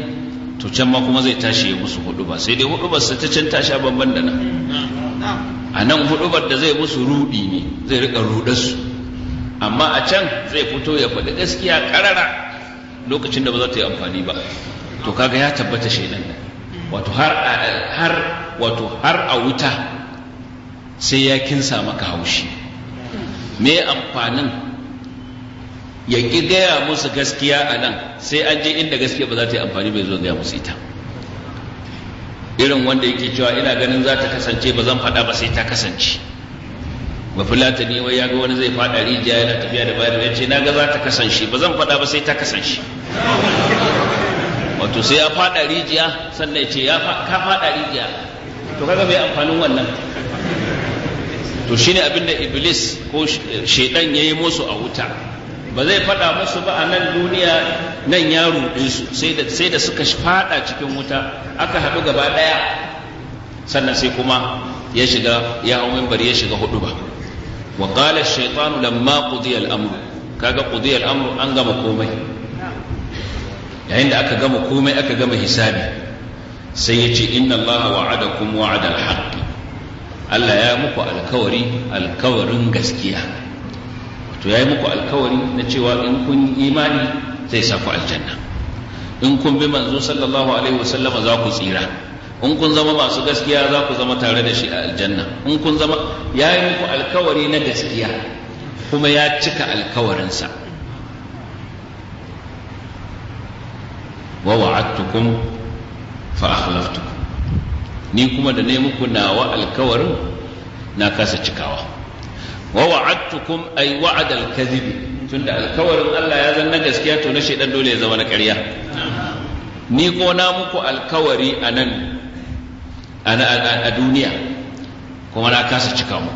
to can ma kuma zai tashi ya musu ba sai dai ba su ta can tasha banban da nan a nan ba da zai musu rudi ne zai rika rudarsu amma a can zai fito ya faɗi gaskiya ƙarara, lokacin da ba za ta yi amfani ba to kaga ya tabbata shaidan nan wato har wato har a wuta sai ya kinsa maka haushi me amfanin ya ki gaya musu gaskiya a nan sai an je inda gaskiya ba za ta yi amfani bai zo gaya musu ita irin wanda yake cewa ina ganin za ta kasance ba zan faɗa ba sai ta kasance ba fulatani wai ya ga wani zai faɗa rijiya yana tafiya da bayar ya ce na ga za ta kasance ba zan faɗa ba sai ta kasance wato sai ya faɗa rijiya sannan ya ce ka faɗa rijiya to kaga mai amfanin wannan to shine abinda iblis ko shaidan ya yi musu a wuta ba zai faɗa musu ba a nan duniya nan ya ruɗe sai da suka faɗa cikin wuta aka haɗu gaba ɗaya sannan sai kuma ya shiga ya hau mimbar ya shiga hudu ba wa qala ash-shaytanu lamma qudiya al-amr kaga qudiya al-amr an gama komai yayin da aka gama komai aka gama hisabi sai ya ce inna allaha wa'adakum wa'ada al-haqq Allah ya muku alkawari alkawarin gaskiya to yayi muku alkawari na cewa in kun imani zai sa ku aljanna in kun bi manzo sallallahu alaihi wasallam za ku tsira in kun zama masu gaskiya za ku zama tare da shi a aljanna in kun zama yayi muku alkawari na gaskiya kuma ya cika alkawarinsa wa wa'adtukum fa akhlaftukum ni kuma da ne muku nawa alkawarin na kasa cikawa ووعدتكم أي وعد الكذب تند الكور الله هذا النجس كيات ونشئ الدولة إذا ونك عليها نيكو نامكو الكوري انا أنا الدنيا كما ناكاس تشكامو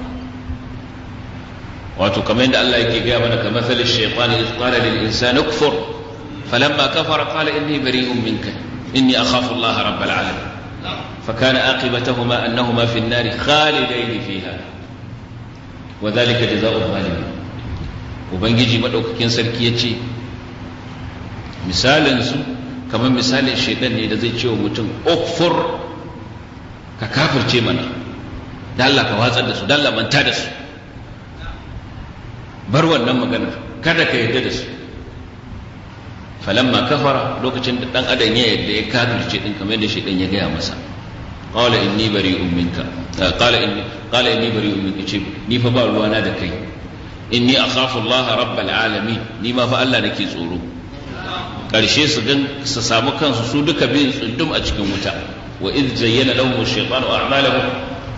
واتو كمين الله يكي كمثل الشيطان إذ قال للإنسان اكفر فلما كفر قال إني بريء منك إني أخاف الله رب العالمين فكان عاقبتهما أنهما في النار خالدين فيها wa zalika jazaa'ul zalimin ubangiji madaukakin sarki yace misalin su kamar misalin shaidan ne da zai ce wa mutum ukfur ka kafirce mana da ka watsar da su dalla manta da su bar wannan magana kada ka yarda da su falamma kafara lokacin da dan adam ya yarda ya kafirce din kamar yadda shaidan ya gaya masa قال إني بريء منك آه، قال إني قال إني بريء منك شيء ني فبا الوانا دكي إني أخاف الله رب العالمين ني ما فا الله نكي زورو قال شيء سجن سسامو كان سودك بين سدم أجكم متع وإذ زين لهم الشيطان أعمالهم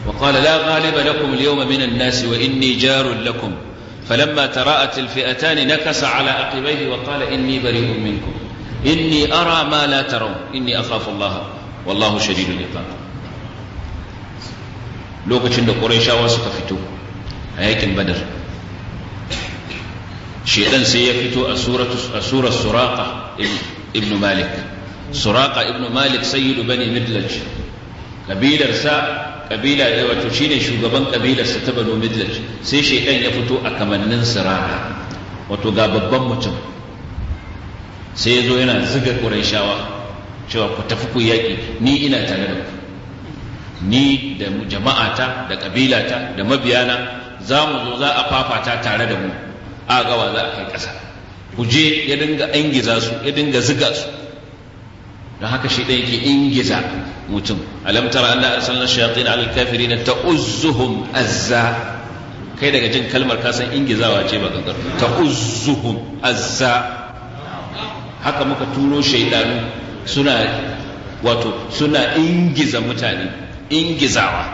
وقال لا غالب لكم اليوم من الناس وإني جار لكم فلما تراءت الفئتان نكس على عقبيه وقال إني بريء منكم إني أرى ما لا ترون إني أخاف الله والله شديد العقاب lokacin da ƙurayshawa suka fito a yakin badar shedan sai ya fito a surar suraka ibn malik suraka ibn malik sayyidu bani midlaj Ƙabilarsa kabila da wato shine shugaban kabilarsa ta Bano midlaj sai shedan ya fito a kamannin suraka wato ga babban mutum sai ya zo yana ziga shawa, cewa ku tafi ku yaƙi ni ina tare da ku ni da jama'ata da ƙabilata da mabiyana za mu zo za a fafata tare da mu a gawa za a kai ƙasa ku je ya dinga ingiza su ya dinga ziga su don haka shi ɗaya yake ingiza mutum alam tara anna arsalna shayatin alal ta ta'uzzuhum azza kai daga jin kalmar kasan ingizawa ce ba gangar ta'uzzuhum azza haka muka turo shaidanu suna wato suna ingiza mutane ingizawa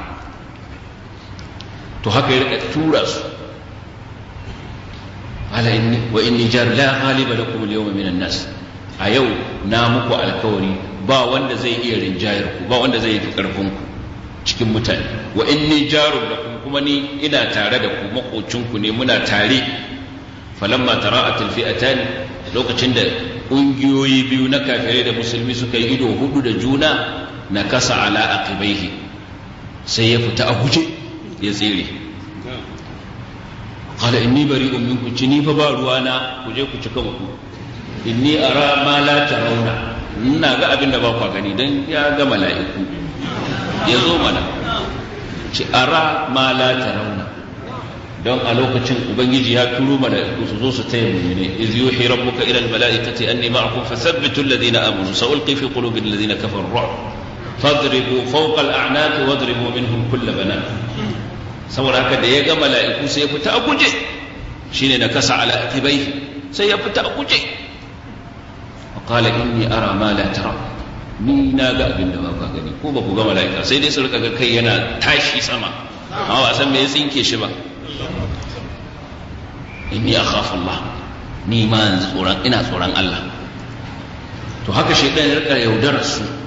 to haka ya tura su ala inni wa inni jar la ghaliba lakum al-yawma minan nas a yau na muku alkawari ba wanda zai iya rinjayar ku ba wanda zai yi karfin ku cikin mutane wa inni jarun lakum kuma ni ina tare da ku makocin ku ne muna tare falamma tara'at al-fi'atan lokacin da ƙungiyoyi biyu na kafirai da musulmi suka yi ido hudu da juna na kasa ala aqibaihi sai ya fita a guje ya tsere qala inni bari'un minkum ni fa ba ruwa na ku je ku cika ku inni ara ma la tarawna ina ga abin da ba ku gani dan ya ga mala'iku ya zo mana ci ara ma la tarawna don a lokacin ubangiji ya turo mala'iku su zo su taya mu'mini iz yuhi rabbuka ila al-mala'ikati anni ma'akum fasabbitu alladhina amanu sa'ulqi fi qulubi alladhina kafaru ru'b fadribu fawqa al-a'naq wadribu minhum kull banan saboda haka da ya ga mala'iku sai ya fita a guje shine na kasa ala akibai sai ya fita a guje wa qala inni ara ma la tara ni na ga abin da ba gani ko ba ku ga mala'ika sai dai su rika ga kai yana tashi sama amma ba san me ya tsinke shi ba inni akhafu Allah ni ma tsoron ina tsoron Allah to haka shedan ya rika yaudarar su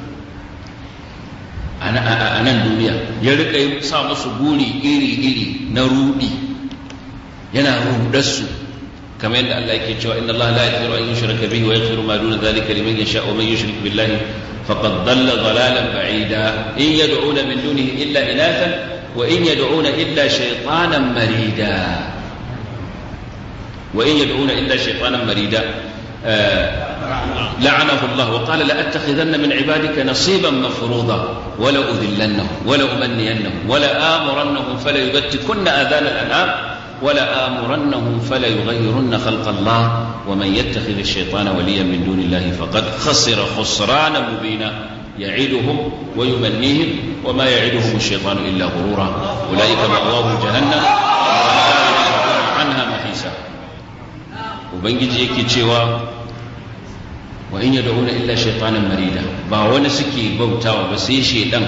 a nan duniya ya rika yi sa musu guri iri-iri na rudi yana rudarsu kamar yadda Allah yake cewa inna Allah la yaghfiru an yushraka bihi wa yaghfiru ma duna dhalika liman yasha wa man yushrik billahi faqad dhalla dhalalan ba'ida in yad'una min dunihi illa inatha wa in yad'una illa shaytanan marida wa in yad'una illa shaytanan marida آه، لعنه الله وقال لأتخذن من عبادك نصيبا مفروضا ولا أذلنهم ولا أمنينهم ولا آمرنهم فلا يبتكن آذان الأنعام ولا آمرنهم فلا يغيرن خلق الله ومن يتخذ الشيطان وليا من دون الله فقد خسر خسرانا مبينا يعدهم ويمنيهم وما يعدهم الشيطان إلا غرورا أولئك مأواهم جهنم عنها محيسا وبنجي يكي wa in yad'una illa shaytanan marida ba wani suke bautawa ba sai shaydan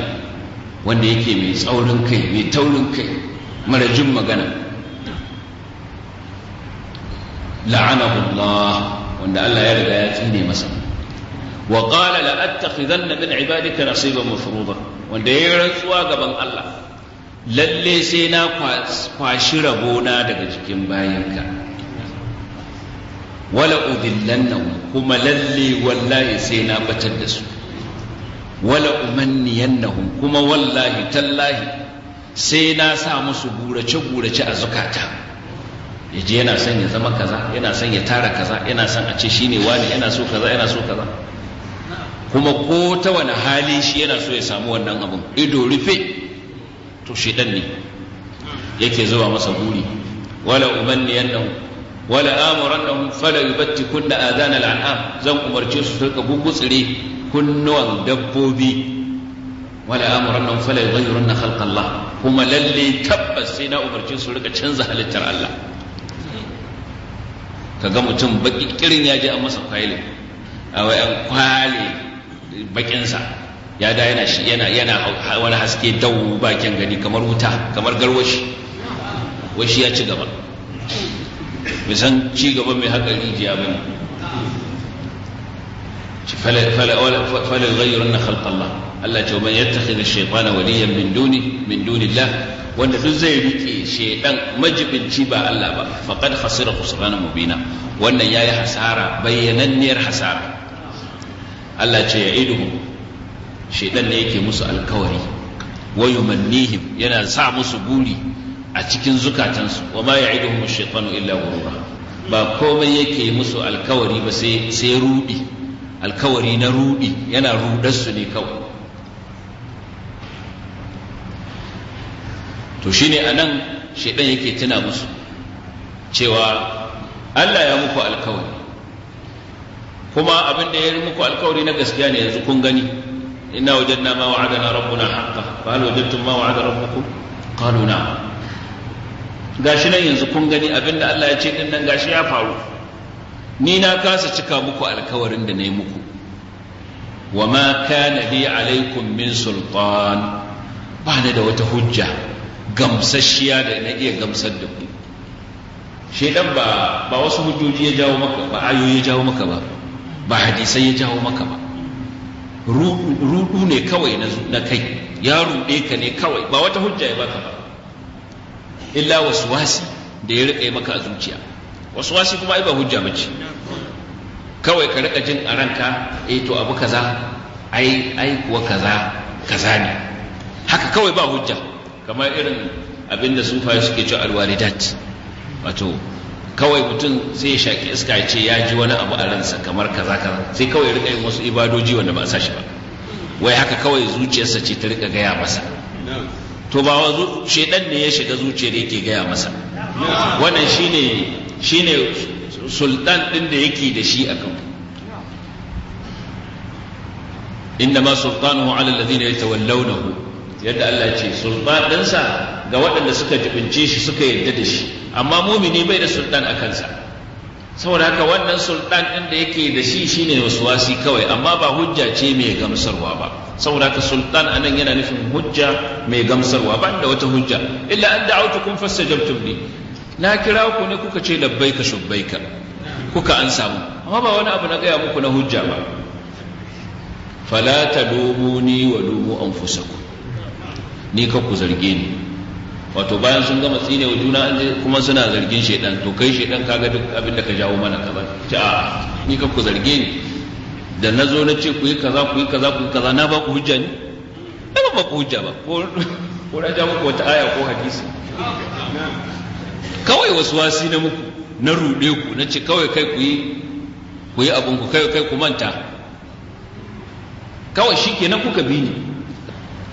wanda yake mai tsaurin kai mai taurin kai mara jin magana la'anahu Allah wanda Allah ya riga ya tsine masa wa qala la attakhidanna min ibadika nasiban mafruḍa wanda yayi rantsuwa gaban Allah lalle sai na kwashi rabona daga cikin bayanka. wala udillannahum kuma lalle wallahi sai na batar da su wala umanniyannahum kuma wallahi tallahi sai na sa musu gurace gurace a zukata yaje yana son ya zama kaza yana son ya tara kaza yana son a ce shine wani yana so kaza yana so kaza kuma ko ta wani hali shi yana so ya samu wannan abin ido rufe to shedan ne yake zuwa masa buri wala umanniyannahum wala amurannahum fala yubattikunna adana al'am zan umarce su su rika gugutsire kunnuwan dabbobi wala amurannahum fala yughayyirunna khalqa Allah kuma lalle tabbas sai na umarce su rika canza halittar Allah kaga mutum baki kirin ya je a masa kwailin a wai an kwale bakinsa ya da yana yana yana wani haske dau bakin gani kamar wuta kamar garwashi washi ya ci gaba bai san ci gaba mai haƙa rijiya ba ne falal ghayyurun na khalqallah Allah ce man yattakhidha shaytana waliyan min duni min wanda duk zai rike shaidan majibinci ba Allah ba faqad khasira khusrana mubina wannan yayi hasara bayyananniyar hasara Allah ce ya iduhu shaidan ne yake musu alkawari wa yumannihim yana sa musu buri a cikin zukatansu wa ma ya ya'iduhum ash-shaytanu illa gurura ba komai yake musu alkawari ba sai sai rudi alkawari na rudi yana rudar su ne kawai to shine anan shaytan yake tuna musu cewa Allah ya muku alkawari kuma abin da ya yi muku alkawari na gaskiya ne yanzu kun gani inna wajadna ma wa'adana rabbuna haqqan hal wajadtum ma wa'ada rabbukum qalu na'am gashi nan yanzu kun gani abinda Allah ya ce din nan gashi ya faru ni na kasa cika muku alkawarin da na yi muku wa ma kana li alaikum min sultan ba da wata hujja gamsasshiya da na iya gamsar da ku dan ba ba wasu hujjoji ya jawo maka ba ayoyi ya jawo maka ba ba hadisai ya jawo maka ba rudu ne kawai na kai ya rude ka ne kawai ba wata hujja ya baka ba illa waswasi da ya rika maka a zuciya waswasi kuma ai ba hujja bace kawai ka rika jin a ranka eh to abu kaza ai ai kuwa kaza kaza ne haka kawai ba hujja kamar irin abin sun sufaye suke cewa alwalidat wato kawai mutum sai ya shaki iska ya ce ya ji wani abu a ransa kamar kaza kaza sai kawai rika yin wasu ibadoji wanda ba a sa shi ba wai haka kawai zuciyarsa ce ta rika gaya masa to ba wa shedan ne ya shiga zuciyar yake gaya masa wannan shine shine sultan din da yake da shi akan Inda ma sultanuhu ala alladhina yatawallawnahu yadda Allah ce sultan dinsa ga waɗanda suka jibince shi suka yarda da shi amma mumini bai da sultan a kansa saboda haka wannan sultan ɗin da yake da shi shine wasuwasi kawai amma ba hujja ce mai gamsarwa ba saboda haka sultan a nan yana nufin hujja mai gamsarwa ba da wata hujja illa an fassa fastajabtum bi. na kira ku ne kuka ce labbaika shubbaika kuka an samu amma ba wani abu na gaya muku na hujja ba fala tadumuni wa dumu anfusakum ni ka ku zarge ni wato bayan sun gama tsine wa juna kuma suna zargin shaidan to kai shaidan kaga duk abin da ka jawo mana kaza ce a ni ka ku zarge ni da na zo na ce ku yi kaza ku yi kaza ku yi kaza na ba ku hujja ne na ba ku hujja ba ko na jawo ku wata aya ko hadisi kawai wasu wasi na muku na rude ku na ce kawai kai ku yi ku yi abin ku kai kai ku manta kawai shi kenan kuka bi ni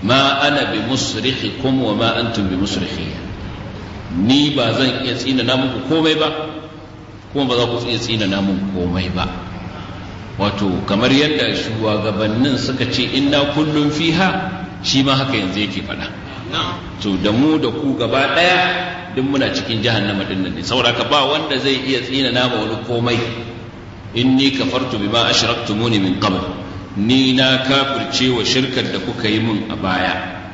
ما ana بمصرخكم وما wa بمصرخي ni ba zan iya tsina namun komai ba kuma ba za ku iya tsina namun komai ba wato kamar yadda shugabannin suka ce inna kullum fiha shi ma haka yanzu yake faɗa to da mu da ku gaba ɗaya duk muna cikin jahannama din nan ne ka ba wanda zai iya tsina namun wani komai in inni kafartu bima ashraktumuni min qabl ni na kafirce wa shirkar da kuka yi min a baya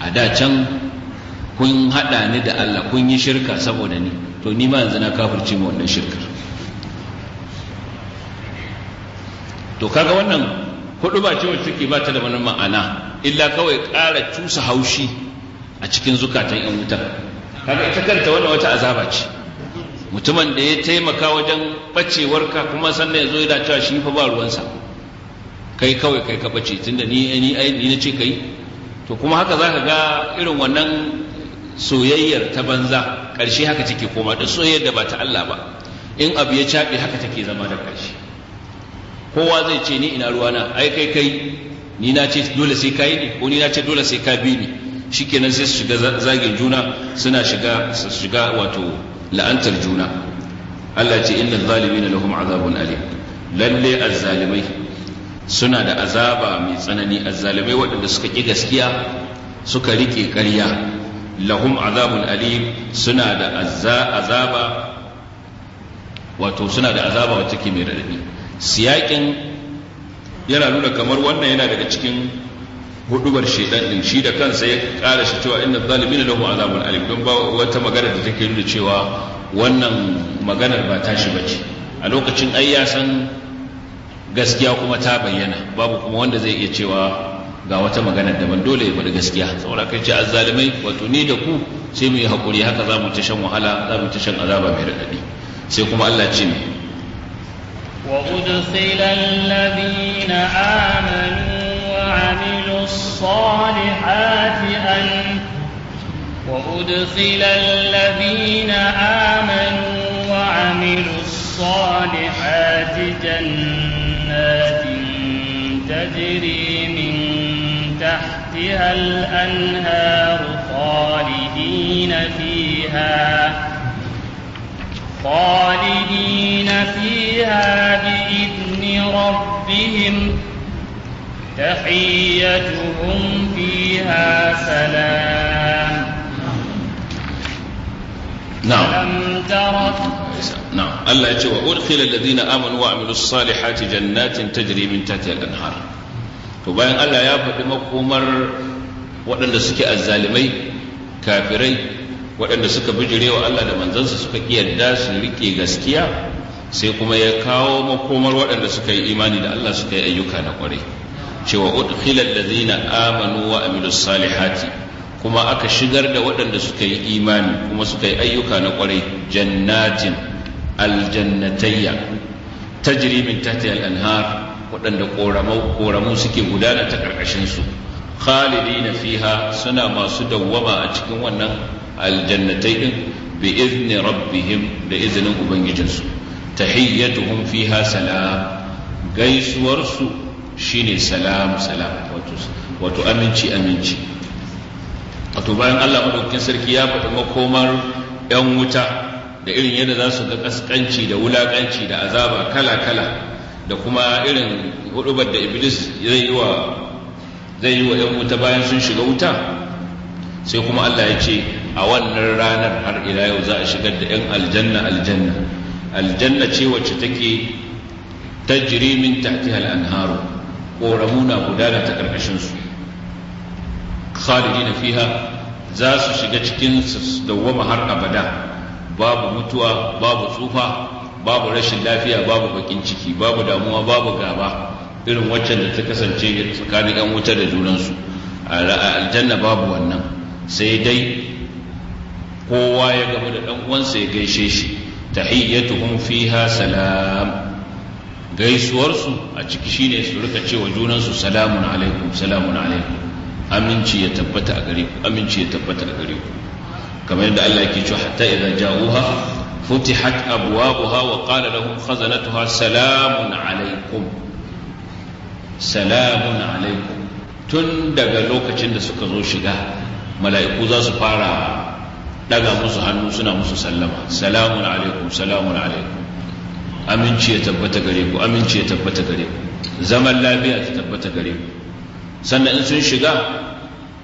a da can kun haɗa ni da Allah kun yi shirka saboda ni to ni ma yanzu na kafirce ma wannan shirkar to kaga wannan hudu ba cewa suke ba ta da wani ma'ana illa kawai ƙara cusa haushi a cikin zukatan 'yan wutar kaga ita kanta wannan wata azaba ce mutumin da ya taimaka wajen bacewarka kuma sannan ya zo ya dace shi fa ba ruwansa kai kawai kai ka bace tunda ni ni ni na ce kai to kuma haka zaka ga irin wannan soyayyar ta banza ƙarshe haka take koma duk soyayyar da ba ta Allah ba in abu ya caɗi haka take zama da ƙarshe kowa zai ce ni ina ruwana ai kai kai ni na ce dole sai ka yi ne ko ni na ce dole sai ka bi ne shikenan sai su shiga zagin juna suna shiga su shiga wato la'antar juna Allah ce innal zalimin lahum azabun alim lalle azzalimai suna da azaba mai tsanani azzalimai waɗanda suka ƙi gaskiya suka riƙe ƙarya lahum azabun alim suna da azaba wato suna da azaba wacce ke mai raɗaɗi siyaƙin yana nuna kamar wannan yana daga cikin hudubar shaidan din shi da kansa ya ƙara shi cewa inna zalimin lahum azabun alim don ba wata magana da take nuna cewa wannan maganar ba tashi bace a lokacin ai ya san gaskiya kuma ta bayyana babu kuma wanda zai iya cewa ga wata magana daban dole ba da gaskiya saboda kai ce azzalimai wato ni da ku sai mu yi hakuri haka za mu ci shan wahala za mu ci shan azaba mai raɗaɗi sai kuma Allah ce mai وأدخل الذين آمنوا وعملوا الصالحات أن وأدخل الذين آمنوا وعملوا الصالحات جنات جنات تجري من تحتها الأنهار خالدين فيها خالدين فيها بإذن ربهم تحيتهم فيها سلام نعم ألم تر نعم الله يقول وأدخل الذين آمنوا وعملوا الصالحات جنات تجري من تحتها الأنهار فبين الله يا فدي مقومر waɗanda suke azzalimai kafirai waɗanda suka bijire wa Allah da manzansa suka yarda su rike gaskiya sai kuma ya kawo makomar waɗanda suka yi imani da Allah suka yi ayyuka na ƙwarai cewa udkhilal wa kuma aka shigar da waɗanda suka yi imani kuma suka yi ayyuka na ƙwarai jannatin aljannatayya tajri min tahtiha anhar waɗanda ƙoramu suke gudana ta ƙarƙashinsu, khalidi khalidina fiha suna masu dawwama a cikin wannan aljannatai ɗin. bi izni rabbihim da izinin ubangijinsu tahiyyatuhum fiha salam gaisuwarsu shine salam salam wato aminci aminci wato bayan Allah madaukakin sarki ya faɗi makomar yan wuta da irin yadda za su ga kaskanci da wulakanci da azaba kala kala da kuma irin hudubar da iblis zai yi wa zai yan wuta bayan sun shiga wuta sai kuma Allah ya ce a wannan ranar har ila yau za a shigar da yan aljanna aljanna aljanna ce wacce take ta jirimin tahtiha al-anharu na gudana ta karkashin su khalidina fiha za su shiga cikin su dawwama har abada babu mutuwa babu tsufa babu rashin lafiya babu bakin ciki babu damuwa babu gaba irin waccan da ta kasance tsakanin yan wuta da junansu a aljanna babu wannan sai dai kowa ya gaba da dan uwansa ya gaishe shi tahiyyatuhum fiha salam gaisuwarsu a ciki shine su rika cewa junansu salamun alaikum salamun alaikum aminci ya tabbata a gare ku aminci ya tabbata a gare ku kamar yadda Allah yake cewa hatta idza ja'uha futihat abwabuha wa qala lahum khazanatuha salamun alaikum salamun alaikum tun daga lokacin da suka zo shiga mala'iku za su fara daga musu hannu suna musu sallama salamun alaikum salamun alaikum aminci ya tabbata gare ku aminci ya tabbata gare ku zaman lafiya ta tabbata gare ku sannan in sun shiga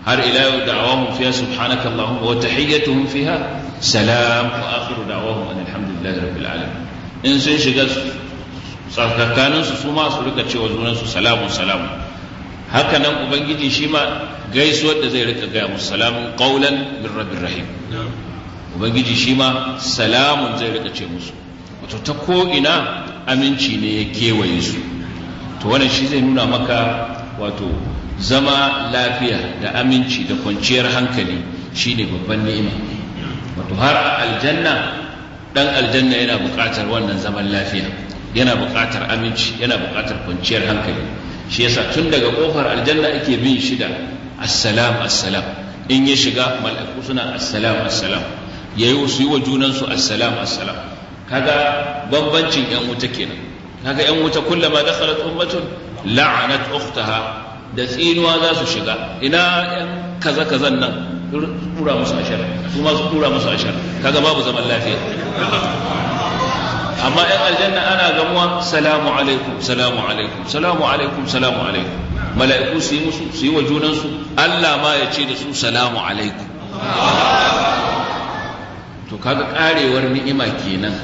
har ila yau da'awahum fiha subhanaka allahumma wa tahiyyatuhum fiya salam wa akhiru da'awahum alhamdulillahi rabbil alamin in sun shiga tsakanin su su ma su rika cewa junan su salamun salamun haka nan ubangiji shi ma gaisuwar da zai rika gaya musu salamun qaulan min rabbir rahim ubangiji shi ma salamun zai rika ce musu wato ta ko ina aminci ne ya kewaye su to wannan shi zai nuna maka wato zama lafiya da aminci da kwanciyar hankali shi ne babban ni'ima wato har aljanna dan aljanna yana buƙatar wannan zaman lafiya yana buƙatar aminci yana buƙatar kwanciyar hankali shi yasa tun daga ƙofar aljanna ake bin shi da assalam assalam in ya shiga mala'iku suna assalam assalam yayi su yi wa junansu assalam assalam kaga bambancin yan wuta kenan kaga yan wuta kullama dakhalat ummatun la'anat ukhtaha da tsinuwa za su shiga ina yan kaza kazan nan tura musu ashara kuma su tura musu ashara kaga babu zaman lafiya amma yan aljanna ana gamuwa salamu alaikum salamu alaikum salamu alaikum salamu alaikum mala'iku su yi musu su yi wa junansu Allah ma ya ce da su salamu alaikum to kaga karewar ni'ima kenan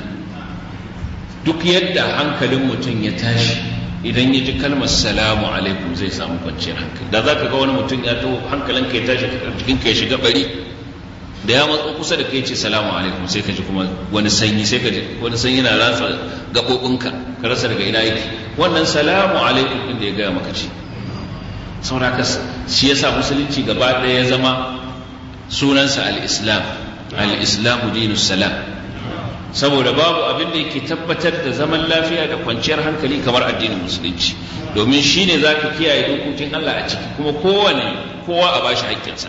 duk yadda hankalin mutum ya tashi idan ya ji kalmar salamu alaikum zai samu kwanciyar hankali da za ka ga wani mutum ya hankalin ka ya tashi ka ya shiga bari da ya matso kusa da kai ce salamu alaikum sai ka ji kuma wani sanyi sai ka ji wani sanyi na rasa gaɓoɓinka ka rasa daga ina yake wannan salamu alaikum din da ya gaya maka ce sauraka shi yasa musulunci gaba ɗaya ya zama sunansa al-islam al-islamu dinus salam saboda babu abin da yake tabbatar da zaman lafiya da kwanciyar hankali kamar addinin musulunci domin shi ne za ka kiyaye dokokin Allah a ciki kuma kowane kowa a bashi haƙƙinsa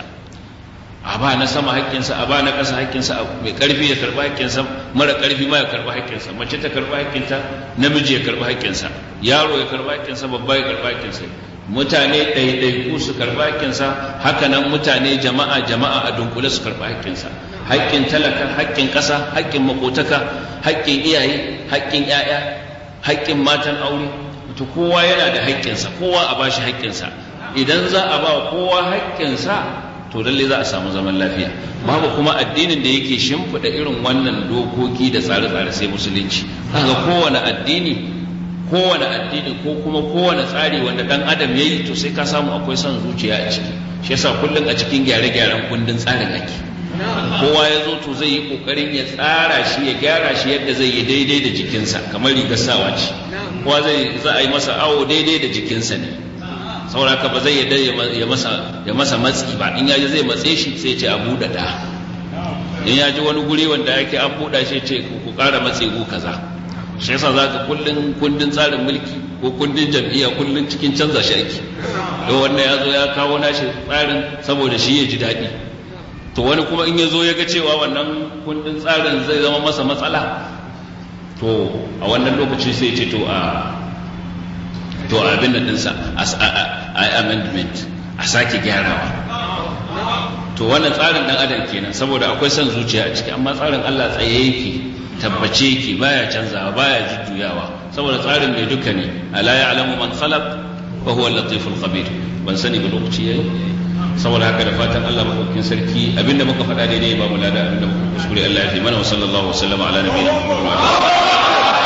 a ba na sama haƙƙinsa a ba na ƙasa haƙƙinsa mai ƙarfi ya karɓi haƙƙinsa mara ƙarfi ma ya karɓi haƙƙinsa mace ta karɓi haƙƙinta namiji ya karɓi haƙƙinsa yaro ya karɓi haƙƙinsa babba ya karɓi haƙƙinsa mutane ɗaiɗaiku su karɓi haƙƙinsa haka nan mutane jama'a jama'a a dunkule su karɓi haƙƙinsa haƙƙin talaka haƙƙin ƙasa haƙƙin makotaka haƙƙin iyaye haƙƙin 'ya'ya haƙƙin matan aure to kowa yana da haƙƙinsa kowa a bashi haƙƙinsa idan za a ba kowa haƙƙinsa to lalle za a samu zaman lafiya babu kuma addinin da yake shimfiɗa irin wannan dokoki da tsare-tsare sai musulunci kaga kowane addini kowane addini ko kuma kowane tsari wanda dan adam yayi yi to sai ka samu akwai son zuciya a ciki shi yasa kullum a cikin gyare-gyaren kundin tsarin ake kowa ya zo to zai yi kokarin ya tsara shi ya gyara shi yadda zai yi daidai da jikinsa kamar rigar sawa ce kowa zai za a yi masa awo daidai da jikinsa ne Saura ka ba zai yadda ya masa matsi ba in yaji zai matse shi sai ce a buɗe da in ya ji wani guri wanda ake an buɗa shi ce ku ƙara matse ku kaza shi yasa za ka kundin tsarin mulki ko kundin jam'iyya kullum cikin canza shi ake don wannan ya zo ya kawo nashi tsarin saboda shi ya ji daɗi to wani kuma in ya zo ya ga cewa wannan kundin tsarin zai zama masa matsala to a wannan lokaci sai ce to a to a abin da dinsa a amendment a sake gyarawa to wannan tsarin dan adam kenan saboda akwai son zuciya a ciki amma tsarin Allah tsaye yake tabbace yake baya canzawa baya jujjuyawa saboda tsarin mai duka ne ala ya'lamu man khalaq wa huwa al al khabir ban sani ba lokaci yayi saboda haka da fatan Allah madaukakin sarki abinda muka faɗa daidai ba mu lada abinda muka kuskure Allah ya mana wa sallallahu wa ala nabiyina Muhammad